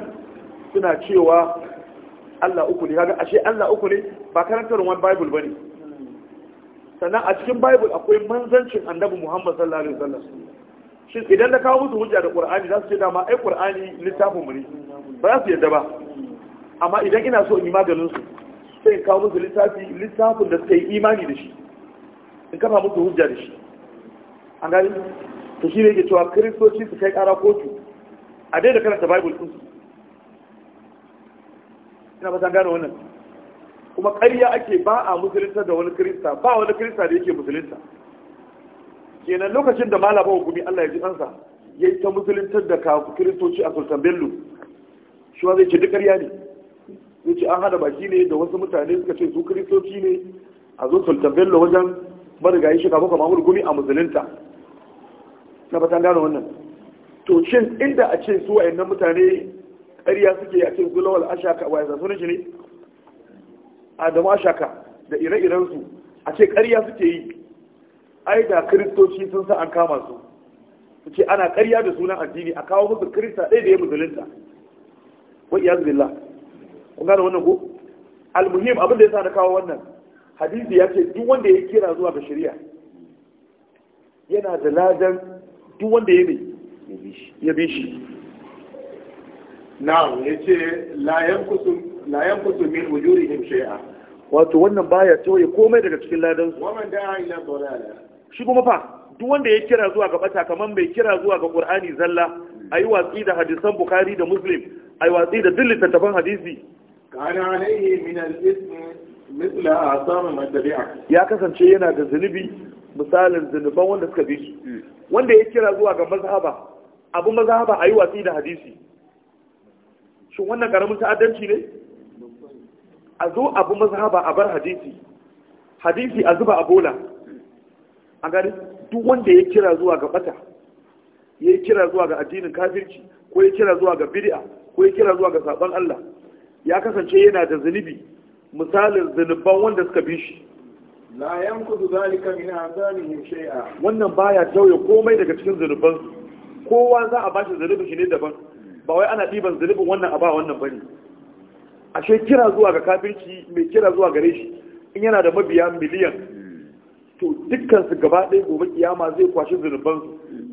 suna cewa Allah uku ne kaga ashe Allah uku ne ba karantar one bible bane sannan a cikin bible akwai manzancin annabi muhammad sallallahu alaihi wasallam shi idan da kawo musu hujja da qur'ani za su ce dama ai qur'ani littafin mu ne ba za su yadda ba amma idan ina so in yi maganin su sai in kawo musu littafi littafin da suka yi imani da shi in kafa musu hujja da shi an gani to shi ne yake cewa kiristoci su kai kara kotu a daina karanta bible din su ina ba san gane wannan kuma ƙarya ake ba a musulunta da wani kirista ba wani kirista da yake musulunta kenan lokacin da malaba hukumi Allah ya ji kansa ya yi ta musuluntar da kiristoci a sultan bello shi zai ce duk ƙarya ne Ya ce an hada baki ne da wasu mutane suka ce su kiristoci ne a zo sultan bello wajen marigayi shi kafa kamar gumi a musulunta na fatan gano wannan to shin inda a ce su wayannan mutane ƙarya suke a ce gulawar ashaka wa yanzu sunan shi ne adamu ashaka da ire-iren su a ce ƙarya suke yi ai da kristoci sun sa an kama su su ce ana ƙarya da sunan addini a kawo musu krista ɗaya da ya musulunta wa iyaz billah kun gane wannan ko almuhim abin da sa na kawo wannan hadisi ya ce duk wanda ya kira zuwa ga shari'a yana da ladan duk wanda ya ne ya bi shi na'am yace la yankusu la min shay'a wato wannan baya tauye komai daga cikin ladan su waman ila dalala shi kuma fa duk wanda ya kira zuwa ga bata kaman bai kira zuwa ga qur'ani zalla ayi watsi da hadisan bukhari da muslim ayi watsi da dillin littattafan hadisi kana alaihi min al-ism mithla asam man ya kasance yana da zunubi misalin zunuban wanda suka bi shi hmm. wanda ya kira zuwa ga mazhaba abu mazhaba ayi watsi da hadisi shin wannan karamin ta'addanci ne a zo abu mazhaba a bar hadisi hadisi a zuba a bola a gari duk wanda ya kira zuwa ga bata ya kira zuwa ga addinin kafirci ko ya kira zuwa ga bid'a ko ya kira zuwa ga sabon Allah ya kasance yana da zunubi misalin zunuban wanda suka bi shi la yanqudu zalika min azanihim shay'a wannan baya tauye komai daga cikin zunuban kowa za a bashi zunubi shi ne daban ba wai ana diban zunubin wannan a ba wannan bane ashe kira zuwa ga kafirci mai kira zuwa gare shi in yana da mabiya miliyan to dukkan su gaba ɗaya gobe kiyama zai kwashi zunuban su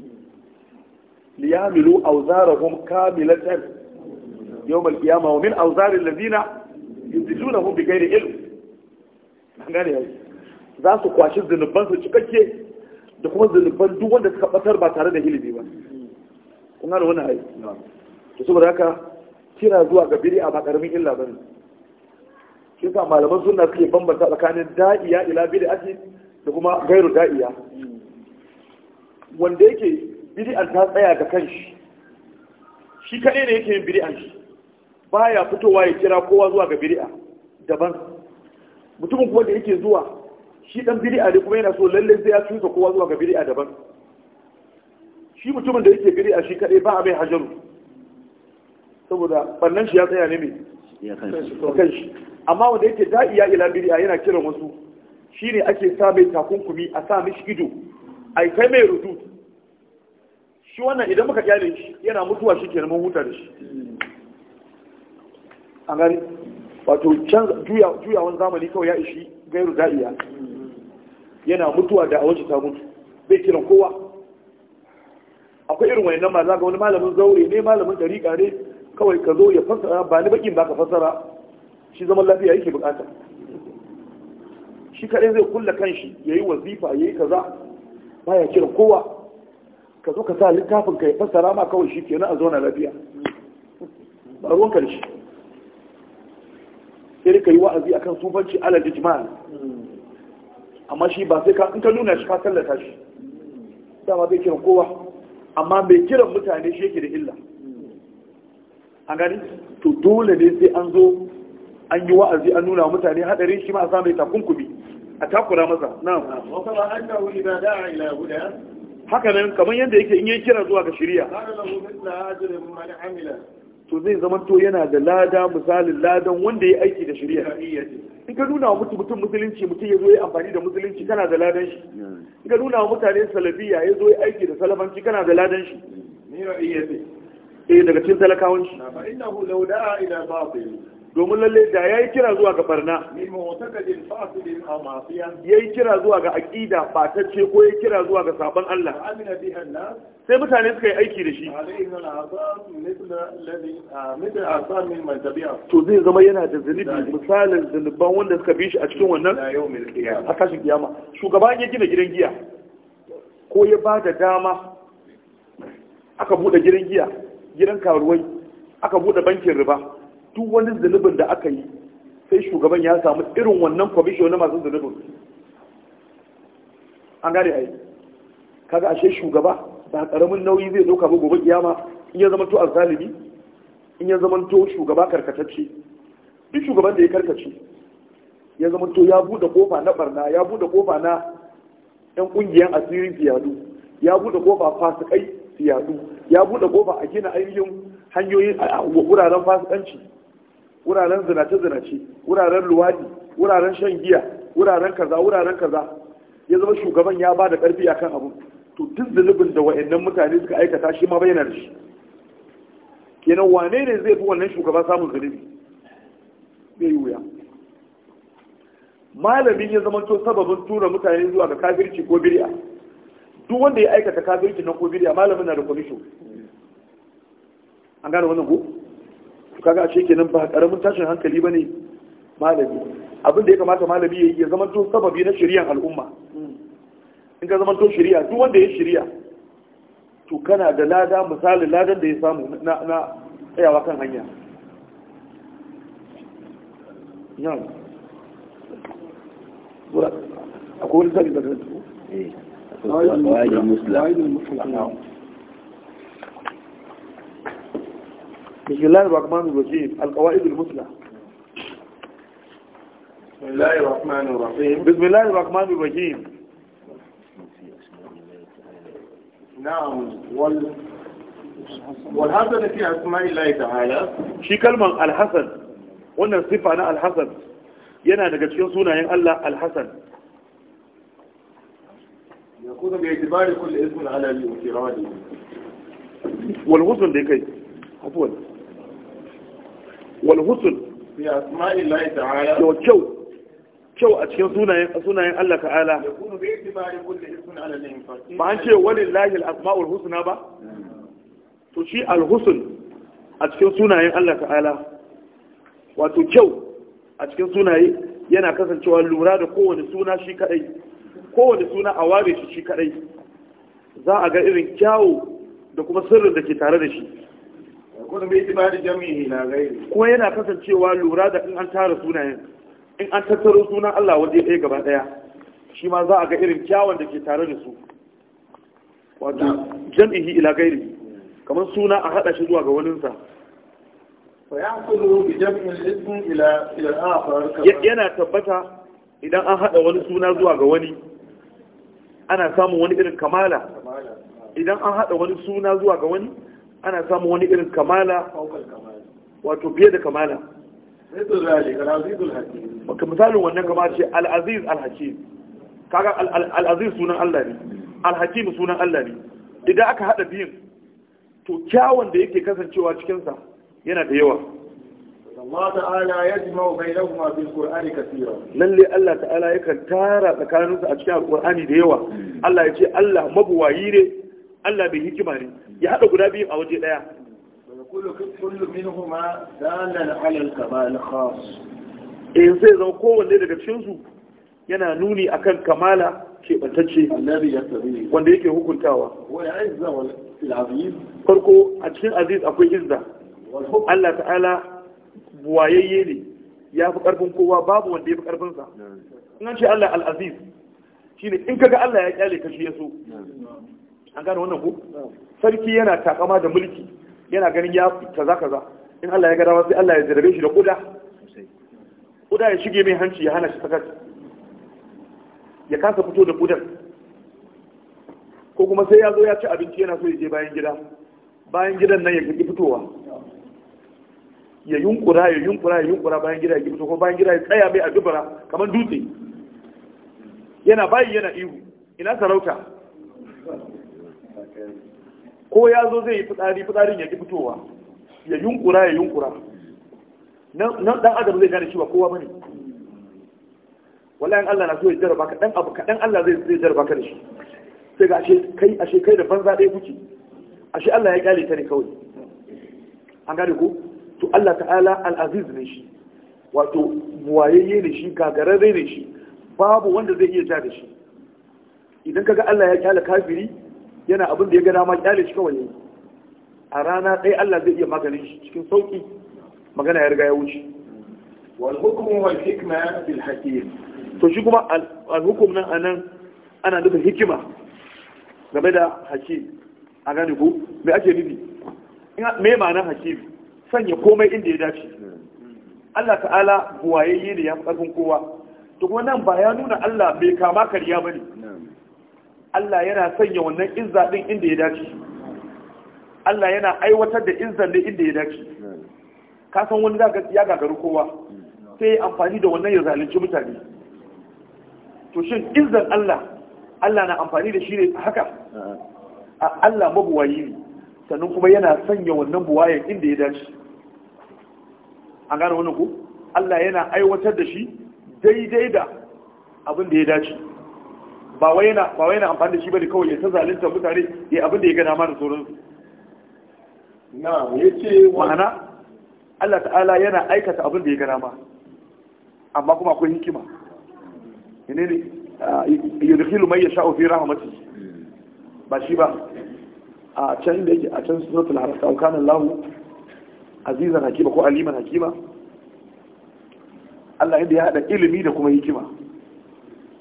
liyamilu auzarahum kamilatan al qiyama wa min auzari allazina yuzilunahum bighairi ilm gane yayi za su kwashi zunuban su cikakke da kuma zunuban duk wanda suka batar ba tare da hilibi ba kun gane wannan ayi to saboda haka kira zuwa ga bid'a ba karamin illa ne shi sa malaman sunna suke bambanta tsakanin da'iya ila bid'ati da kuma gairu da'iya wanda yake bid'an ta tsaya da kanshi shi kane ne yake yin bid'an shi baya fitowa ya kira kowa zuwa ga bid'a daban mutumin kuma da yake zuwa shi dan bid'a ne kuma yana so lalle sai ya tusa kowa zuwa ga bid'a daban shi mutumin da yake bid'a shi kadai ba a mai hajaru saboda bannan shi ya tsaya ne mai kan shi amma wanda yake da'iya ila bid'a yana kiran wasu shine ake sa mai takunkumi a sa mishi ido ai kai mai rudu shi wannan idan muka kyale shi yana mutuwa shi kenan mun huta da shi an gani wato juya juyawan zamani kawai ya ishi gairu da'iya yana mutuwa da a wajen ta mutu bai kiran kowa akwai irin wayannan ma za ga wani malamin zaure ne malamin dariƙa ne kawai ka zo ya fassara ba ni bakin ba ka fassara shi zaman lafiya yake bukata shi kaɗai zai kulla kanshi ya yi wazifa ya yi kaza ba ya kiran kowa ka zo ka sa littafin ka ya fassara ma kawai shi kenan a zauna lafiya ba ruwan shi. sai ka yi wa'azi akan sufanci ala ijmal amma shi ba sai ka in ka nuna shi ka tallata shi dama bai kiran kowa amma mai kiran mutane shi yake da illa an gani to dole ne sai an zo an yi wa'azi an nuna mutane hadarin shi ma a samu takunkumi a takura masa na'am wa kama annahu idza da'a ila huda haka nan kamar yadda yake in yi kira zuwa ga shirya to zai zama to yana da lada misalin ladan wanda ya aiki da shirya in ka nuna wa mutum mutum musulunci mutum ya zo ya amfani da musulunci kana da ladan shi in ka nuna wa mutane salafiya ya zo ya aiki da salafanci kana da ladan shi eh daga cikin talakawanci domin lalle da ya yi kira zuwa ga barna ya yi kira zuwa ga aƙida batacce ko ya yi kira zuwa ga sabon Allah sai mutane suka yi aiki da shi ah, to zai zama yana da zunubi misalin zunuban wanda suka bi shi a cikin wannan a kashin kiyama shugaban ya gina gidan giya ko ya ba da dama aka buɗe gidan giya gidan karuwai aka bude bankin riba duk wani zunubin da aka yi sai shugaban ya samu irin wannan kwamishin na masu zunubin an gane yi kaga ashe shugaba ba karamin nauyi zai dauka ba gobe kiyama in ya zama to zalibi, in ya zama to shugaba karkatacce duk shugaban da ya karkace ya zama to ya bude kofa na barna ya bude kofa na yan kungiyan asirin fiyadu ya bude kofa fasikai fiyadu ya bude kofa a gina ainihin hanyoyi a wuraren fasikanci wuraren zinace-zinace wuraren luwadi wuraren shan giya wuraren kaza wuraren kaza ya zama shugaban ya ba da ƙarfi akan abu to duk zunubin da wa'annan mutane suka aikata shi ma bayyana da shi kenan wane ne zai fi wannan shugaba samun zunubi Bai yi wuya malamin ya zama to sababin tura mutane zuwa ga kafirci ko bid'a duk wanda ya aikata kafirci na ko bidiya malamin na da komisho an gane wannan ko kaga a nan ba karamin tashin hankali bane malami abin da ya kamata malami ya yi ya zama to sababi na shari'ar al'umma in ka zama to shari'a duk wanda ya shari'a to kana da lada misalin ladan da ya samu na na tsayawa kan hanya yan akwai wani sabi da zai المسلم بسم الله الرحمن الرحيم القواعد المثلى بسم الله الرحمن الرحيم بسم الله الرحمن الرحيم نعم وال والحسن في أسماء الله تعالى شي كلمة الحسن قلنا صفه na الحسن yana daga cikin sunayen Allah Wani husun da ya kai a fu wani, wani husun yana kyau a cikin sunayen Allah ka'ala ba an ce wani Lahil ma Wani ba? to shi a husun a cikin sunayen Allah ka'ala wato kyau a cikin sunayen yana kasancewa lura da kowane suna shi kaɗai. kowane suna a ware shi shi kadai za a ga irin kyawu da kuma sirrin da ke tare da shi kuma yana kasancewa lura da in an tara sunayen in an tattaro sunan Allah waje ɗaya gaba ɗaya shi ma za a ga irin kyawun da ke tare da su wato jam'ihi ila gairi kamar suna a haɗa shi zuwa ga waninsa yana tabbata idan an haɗa wani suna zuwa ga wani ana samun wani irin kamala idan an haɗa wani suna zuwa ga wani ana samun wani irin kamala wato biye da kamala maka misalin wannan kama ce al'aziz al-hakim kaga al'aziz sunan Allah ne al-hakim sunan Allah ne idan aka haɗa biyun to kyawun da yake kasancewa cikinsa yana da yawa Allah ta'ala ya jima bainahuma fil qur'ani kaseera lalle Allah ta'ala yakan tara tsakaninsu a cikin alqur'ani da yawa Allah ya ce Allah mabuwayi ne Allah bai hikima ne ya hada guda biyu a waje daya kullu minhuma dalan ala al sai zan kowanne daga cikin yana nuni akan kamala keɓantacce wanda yake hukuntawa farko a cikin aziz akwai izza Allah ta'ala buwayayye ne ya fi karfin kowa babu wanda ya fi karfin sa in an ce Allah al-aziz shine in kaga Allah ya kyale ka shi ya so an gane wannan ko sarki yana takama da mulki yana ganin ya kaza kaza in Allah ya ga dama sai Allah ya zarbe shi da kuda kuda ya shige mai hanci ya hana shi sakat ya kasa fito da kudan ko kuma sai ya zo ya ci abinci yana so ya je bayan gida bayan gidan nan ya ki fitowa ya yunkura ya yunkura ya yunkura bayan gida ya gibi ko bayan gida ya tsaya mai a dubara kamar dutse yana bayi yana ihu ina sarauta ko ya zo zai yi fitsari fitsarin ya gibi towa ya yunkura ya yunkura nan dan adam zai gane cewa kowa bane wallahi Allah na so ya jarraba ka dan abu dan Allah zai zai jarraba ka da shi sai ga ashe kai ashe kai da banza dai kuke ashe Allah ya kyale ka ne kawai an gane ko to Allah ta'ala al-aziz ne shi wato muwayayye ne shi gagararre ne shi babu wanda zai iya ja da shi idan kaga Allah ya kyale kafiri yana abin da ya ga dama kyale shi kawai a rana ɗaya Allah zai iya maganin shi cikin sauki magana ya riga ya wuce wal hukmu wal hikma bil hakim to shi kuma al hukum nan anan ana nufin hikima game da hakim a gane ko me ake nufi me ma'anar hakimi sanya komai inda ya dace Allah ta'ala buwayayye ne ya fi ƙarfin kowa to kuma nan ba ya nuna Allah bai kama kariya ba ne Allah yana sanya wannan izza ɗin inda ya dace Allah yana aiwatar da izzan ne inda ya dace ka san wani ya gagaru kowa sai ya amfani da wannan ya zalunci mutane to shin izzan Allah Allah na amfani da shi ne haka a Allah mabuwayi ne sannan kuma yana sanya wannan buwayen inda ya dace an gane wannan ku Allah yana aiwatar da shi daidai da abin da ya dace ba wai yana ba wai yana amfani da shi bane kawai ya ta zalunta mutane ya abin da ya gana mana da su na yace ma'ana Allah ta'ala yana aikata abin da ya gana ma amma kuma akwai hikima ne ne yudkhilu man yasha'u fi rahmatihi ba shi ba a can da yake a can suratul araf kana lahu azizan hakima ko aliman hakima Allah yadda ya haɗa ilimi da kuma hikima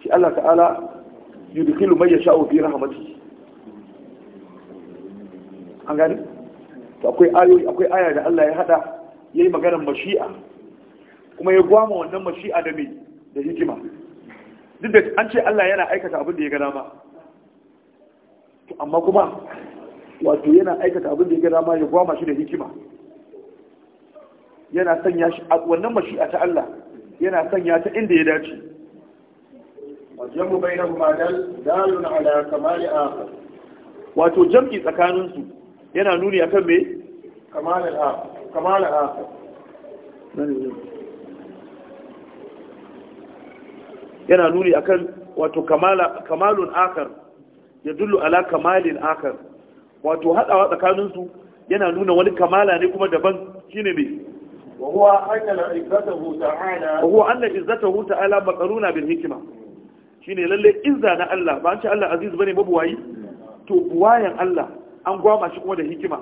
shi Allah ta'ala yudkhilu man yasha'u fi rahmatihi an gani to akwai ayoyi akwai aya da Allah ya hada yayi maganar mashi'a kuma ya gwama wannan mashi'a da me da hikima duk da an ce Allah yana aikata abin da ya ga dama to amma kuma wato yana aikata abin da ya ga dama ya gwama shi da hikima yana sanya shi a wannan a ta Allah yana sanya ta inda ya dace ala wato jam'i tsakanin su yana nuni akan kan mai al-akhar yana nuni kan wato kamalun akar ya dullu ala kamalin akar wato hadawa tsakanin su yana nuna wani kamala ne kuma daban shine mai. وهو أن عزته تعالى وهو أن عزته تعالى مقرونة بالحكمة shine lalle izza na Allah ba an ce Allah aziz bane buwayi. to buwayan Allah an gwama shi kuma da hikima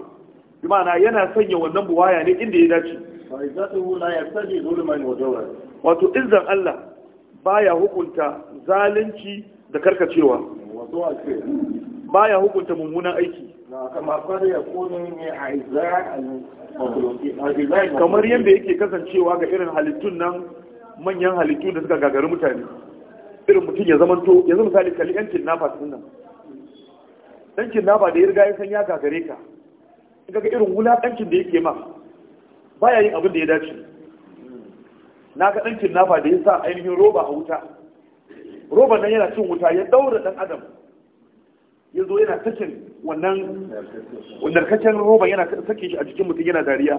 bi ma'ana yana sanya wannan buwaya ne inda ya dace wato izzan Allah baya hukunta zalunci da karkacewa baya hukunta mummunan aiki kamar yadda yake kasancewa ga irin halittun nan manyan halittu da suka gagari mutane irin mutum ya zamanto yanzu misali kalli yan kidnapper sun nan dan kidnapper da ya riga ya san ya gagare ka ga irin wulaƙancin da yake ma baya yin abin da ya dace na ga dan kidnapper da ya sa ainihin roba a wuta roba nan yana cin wuta ya daura dan adam ya zo yana sakin wannan narkacen roba yana sakin shi a jikin mutum yana dariya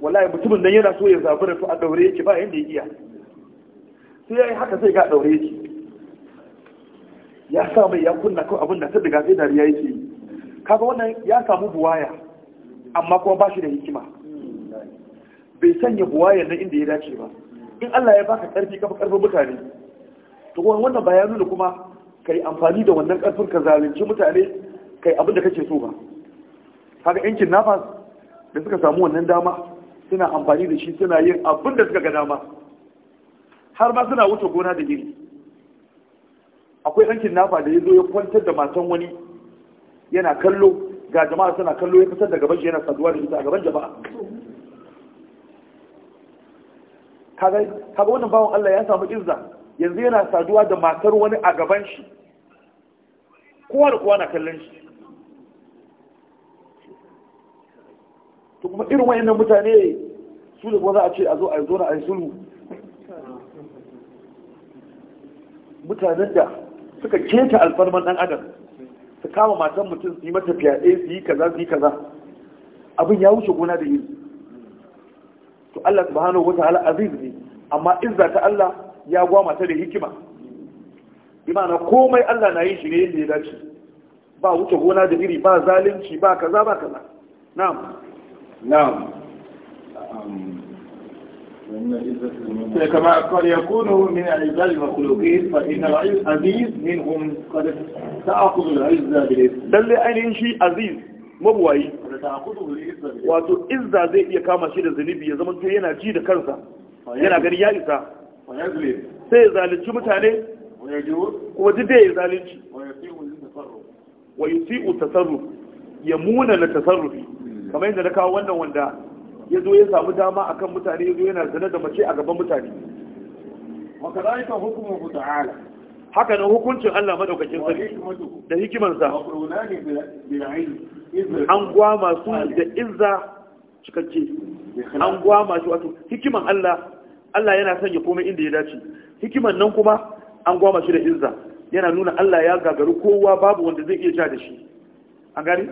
wallahi mutumin nan yana so ya da rafi a daure yake ba yadda ya iya sai ya yi haka sai ga daure yake ya sa mai ya kunna kawai abin da ta daga sai dariya yake yi kaga wannan ya samu buwaya amma kuma ba shi da hikima bai sanya buwaya nan inda ya dace ba in Allah ya baka karfi kafa karfin mutane to wannan bayan da kuma kai amfani da wannan karfin ka zalunci mutane kai abin da kake so ba Haka yankin nafas da suka samu wannan dama suna amfani da shi suna yin abin da suka ga dama har ma suna wuce gona da gini. akwai yankin nafa da ya zo ya kwantar da matan wani yana kallo ga jama'a suna kallo ya fitar da gaban shi yana saduwa da ita a gaban jama'a kaga wannan bawon Allah ya samu izza yanzu yana saduwa da matar wani a gaban shi kowa da kowa na kallon shi to kuma irin wayannan mutane su da za a ce a zo a yi na a sulhu mutanen da suka keta alfarman dan adam su kama matan mutum su yi mata fyaɗe su yi kaza su yi kaza abin ya wuce gona da yi to Allah subhanahu wataala aziz ne amma izza ta Allah ya gwama ta da hikima mana komai Allah na yi shi ne yadda ya dace ba wuce gona da iri ba zalunci ba kaza ba kaza na'am na'am wato izza zai iya kama shi da zunubi ya zama to yana ji da kansa yana gari ya isa sai ya zalunci mutane kuma duk da ya zalunci wa yusi'u tasarruf ya muna na tasarrufi kamar yadda na kawo wannan wanda ya zo ya samu dama akan mutane ya zo yana zane da mace a gaban mutane wakadhalika hukmuhu ta'ala haka nan hukuncin Allah madaukakin sarki da hikimansa an gwama su da izza cikakke an gwama shi wato hikiman Allah Allah yana sanya komai inda ya dace hikiman nan kuma an gwama shi da izza yana nuna Allah ya gagaru kowa babu wanda zai iya ja da shi an gani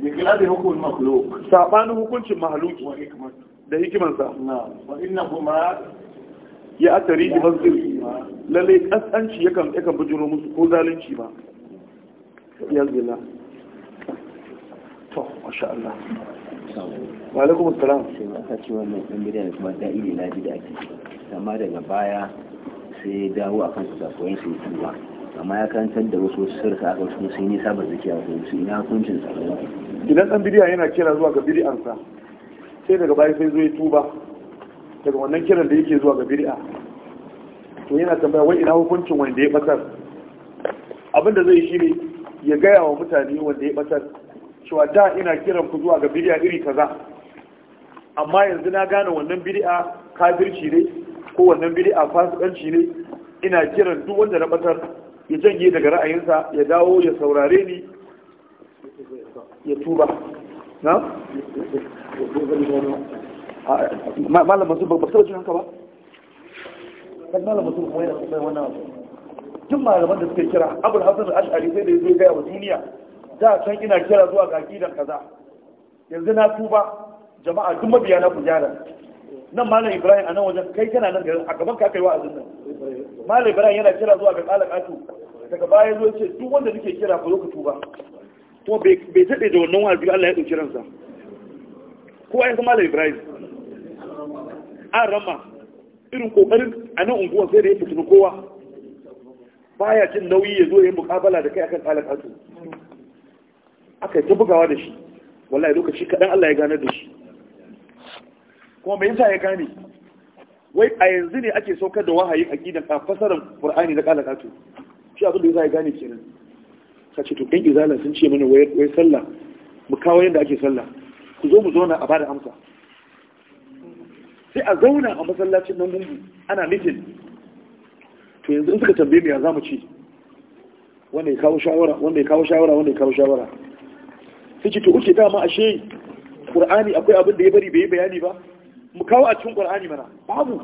bi da hukumin makhluq sabanin hukuncin mahaluki da hikimansa na wa huma ya atari bi mazdir lalle kasanci yakan yakan bujuro musu ko zalunci ba yanzu la to masha Allah wa alaikum assalam sai ba ka ce wannan dan bidiyan kuma da ile na bid'a ce amma daga baya sai ya dawo a su zakoyin su tuba amma ya karantar da wasu sirka aka wasu sun yi sabon da kiyawa ko su ina hukuncin tsaro idan dan bidiya yana kira zuwa ga bid'ansa sai daga baya sai zo ya tuba daga wannan kiran da yake zuwa ga bid'a to yana tambaya wai ina hukuncin wanda ya batar abin da zai shi ne ya gaya wa mutane wanda ya batar cewa da ina kiran ku zuwa ga bid'a iri kaza amma yanzu na gane wannan bid'a kafirci ne ko wannan bid'a fasikanci ne ina kiran duk wanda na batar ya janye daga ra'ayinsa ya dawo ya saurare ni ya tuba na malam masu ba su rajin haka ba kan malam masu kuma wani abu tun malaman da suke kira abul hasan al-ash'ari sai da ya zo gaya wa duniya da can ina kira zuwa ga aqidan kaza yanzu na tuba jama'a duk mabiya na ku gyara nan malam ibrahim a nan wajen kai kana nan garin a gaban ka kai wa'azin nan malam ibrahim yana kira zuwa ga kalakatu daga baya zo ce duk wanda nake kira ku zo ku tuba to bai taɓe da wannan wa'azi Allah ya ɗauki ransa Ko ai kuma malam ibrahim an rama irin kokarin a nan unguwar sai da ya fitu kowa baya jin nauyi ya zo ya yi mukabala da kai akan kalakatu aka yi ta bugawa da shi wallahi lokaci kaɗan Allah ya gane da shi kuma me yasa ya gane wai a yanzu ne ake saukar da wahayi gidan a fasarar qur'ani na kala kato shi abin da yasa ya gane kenan ka ce to ɗan izala sun ce mana wai sallah mu kawo yadda ake sallah ku zo mu zauna a bada amsa sai a zauna a masallacin nan gungu ana mitin to yanzu in suka tambaye mu ya zamu ci wanda ya kawo shawara wanda ya kawo shawara wanda ya kawo shawara sai to uke dama ashe qur'ani akwai abin da ya bari bai bayani ba mu kawo a cikin qur'ani mana babu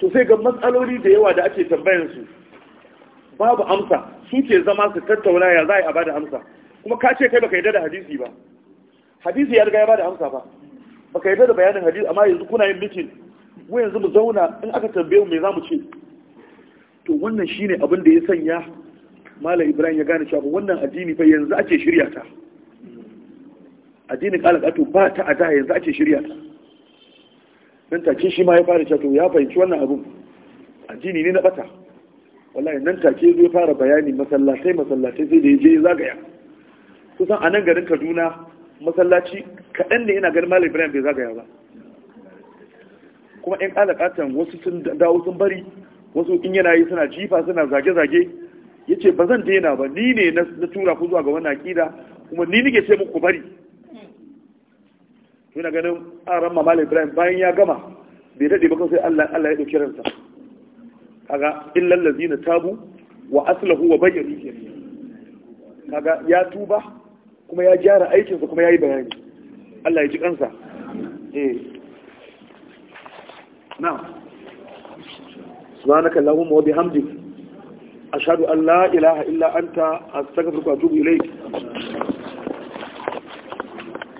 to sai ga matsaloli da yawa da ake tambayan su babu amsa su zama su tattauna ya za a bada amsa kuma ka ce kai baka yarda da hadisi ba hadisi ya riga ya bada amsa ba baka yarda da bayanin hadisi amma yanzu kuna yin mitin mu yanzu mu zauna in aka tambaye mu me za mu ce to wannan shine abin da ya sanya malam ibrahim ya gane cewa wannan addini fa yanzu ake shirya ta addinin kato ba ta a da yanzu ake shirya ta nan take shi ma ya fara cewa to ya fahimci wannan abun addini ne na bata wallahi nan take zai fara bayani masallatai masallatai sai da yaje je zagaya kusan a nan garin kaduna masallaci kaɗan ne ina ganin malam ibrahim bai zagaya ba kuma yan alaƙatan wasu sun dawo sun bari wasu in yana yi suna jifa suna zage-zage yace ba zan daina ba ni ne na tura ku zuwa ga wannan aƙida kuma ni nike ce muku bari to ina ganin aran mamal ibrahim bayan ya gama bai dade ba kan sai Allah Allah ya ɗauki ransa kaga illal ladzina tabu wa aslahu wa bayyana kaga ya tuba kuma ya gyara aikinsa kuma ya yi bayani Allah ya ji kansa eh na subhanaka allahumma wa bihamdika a an allah ilaha illa anta astaghfiruka wa atubu ilayk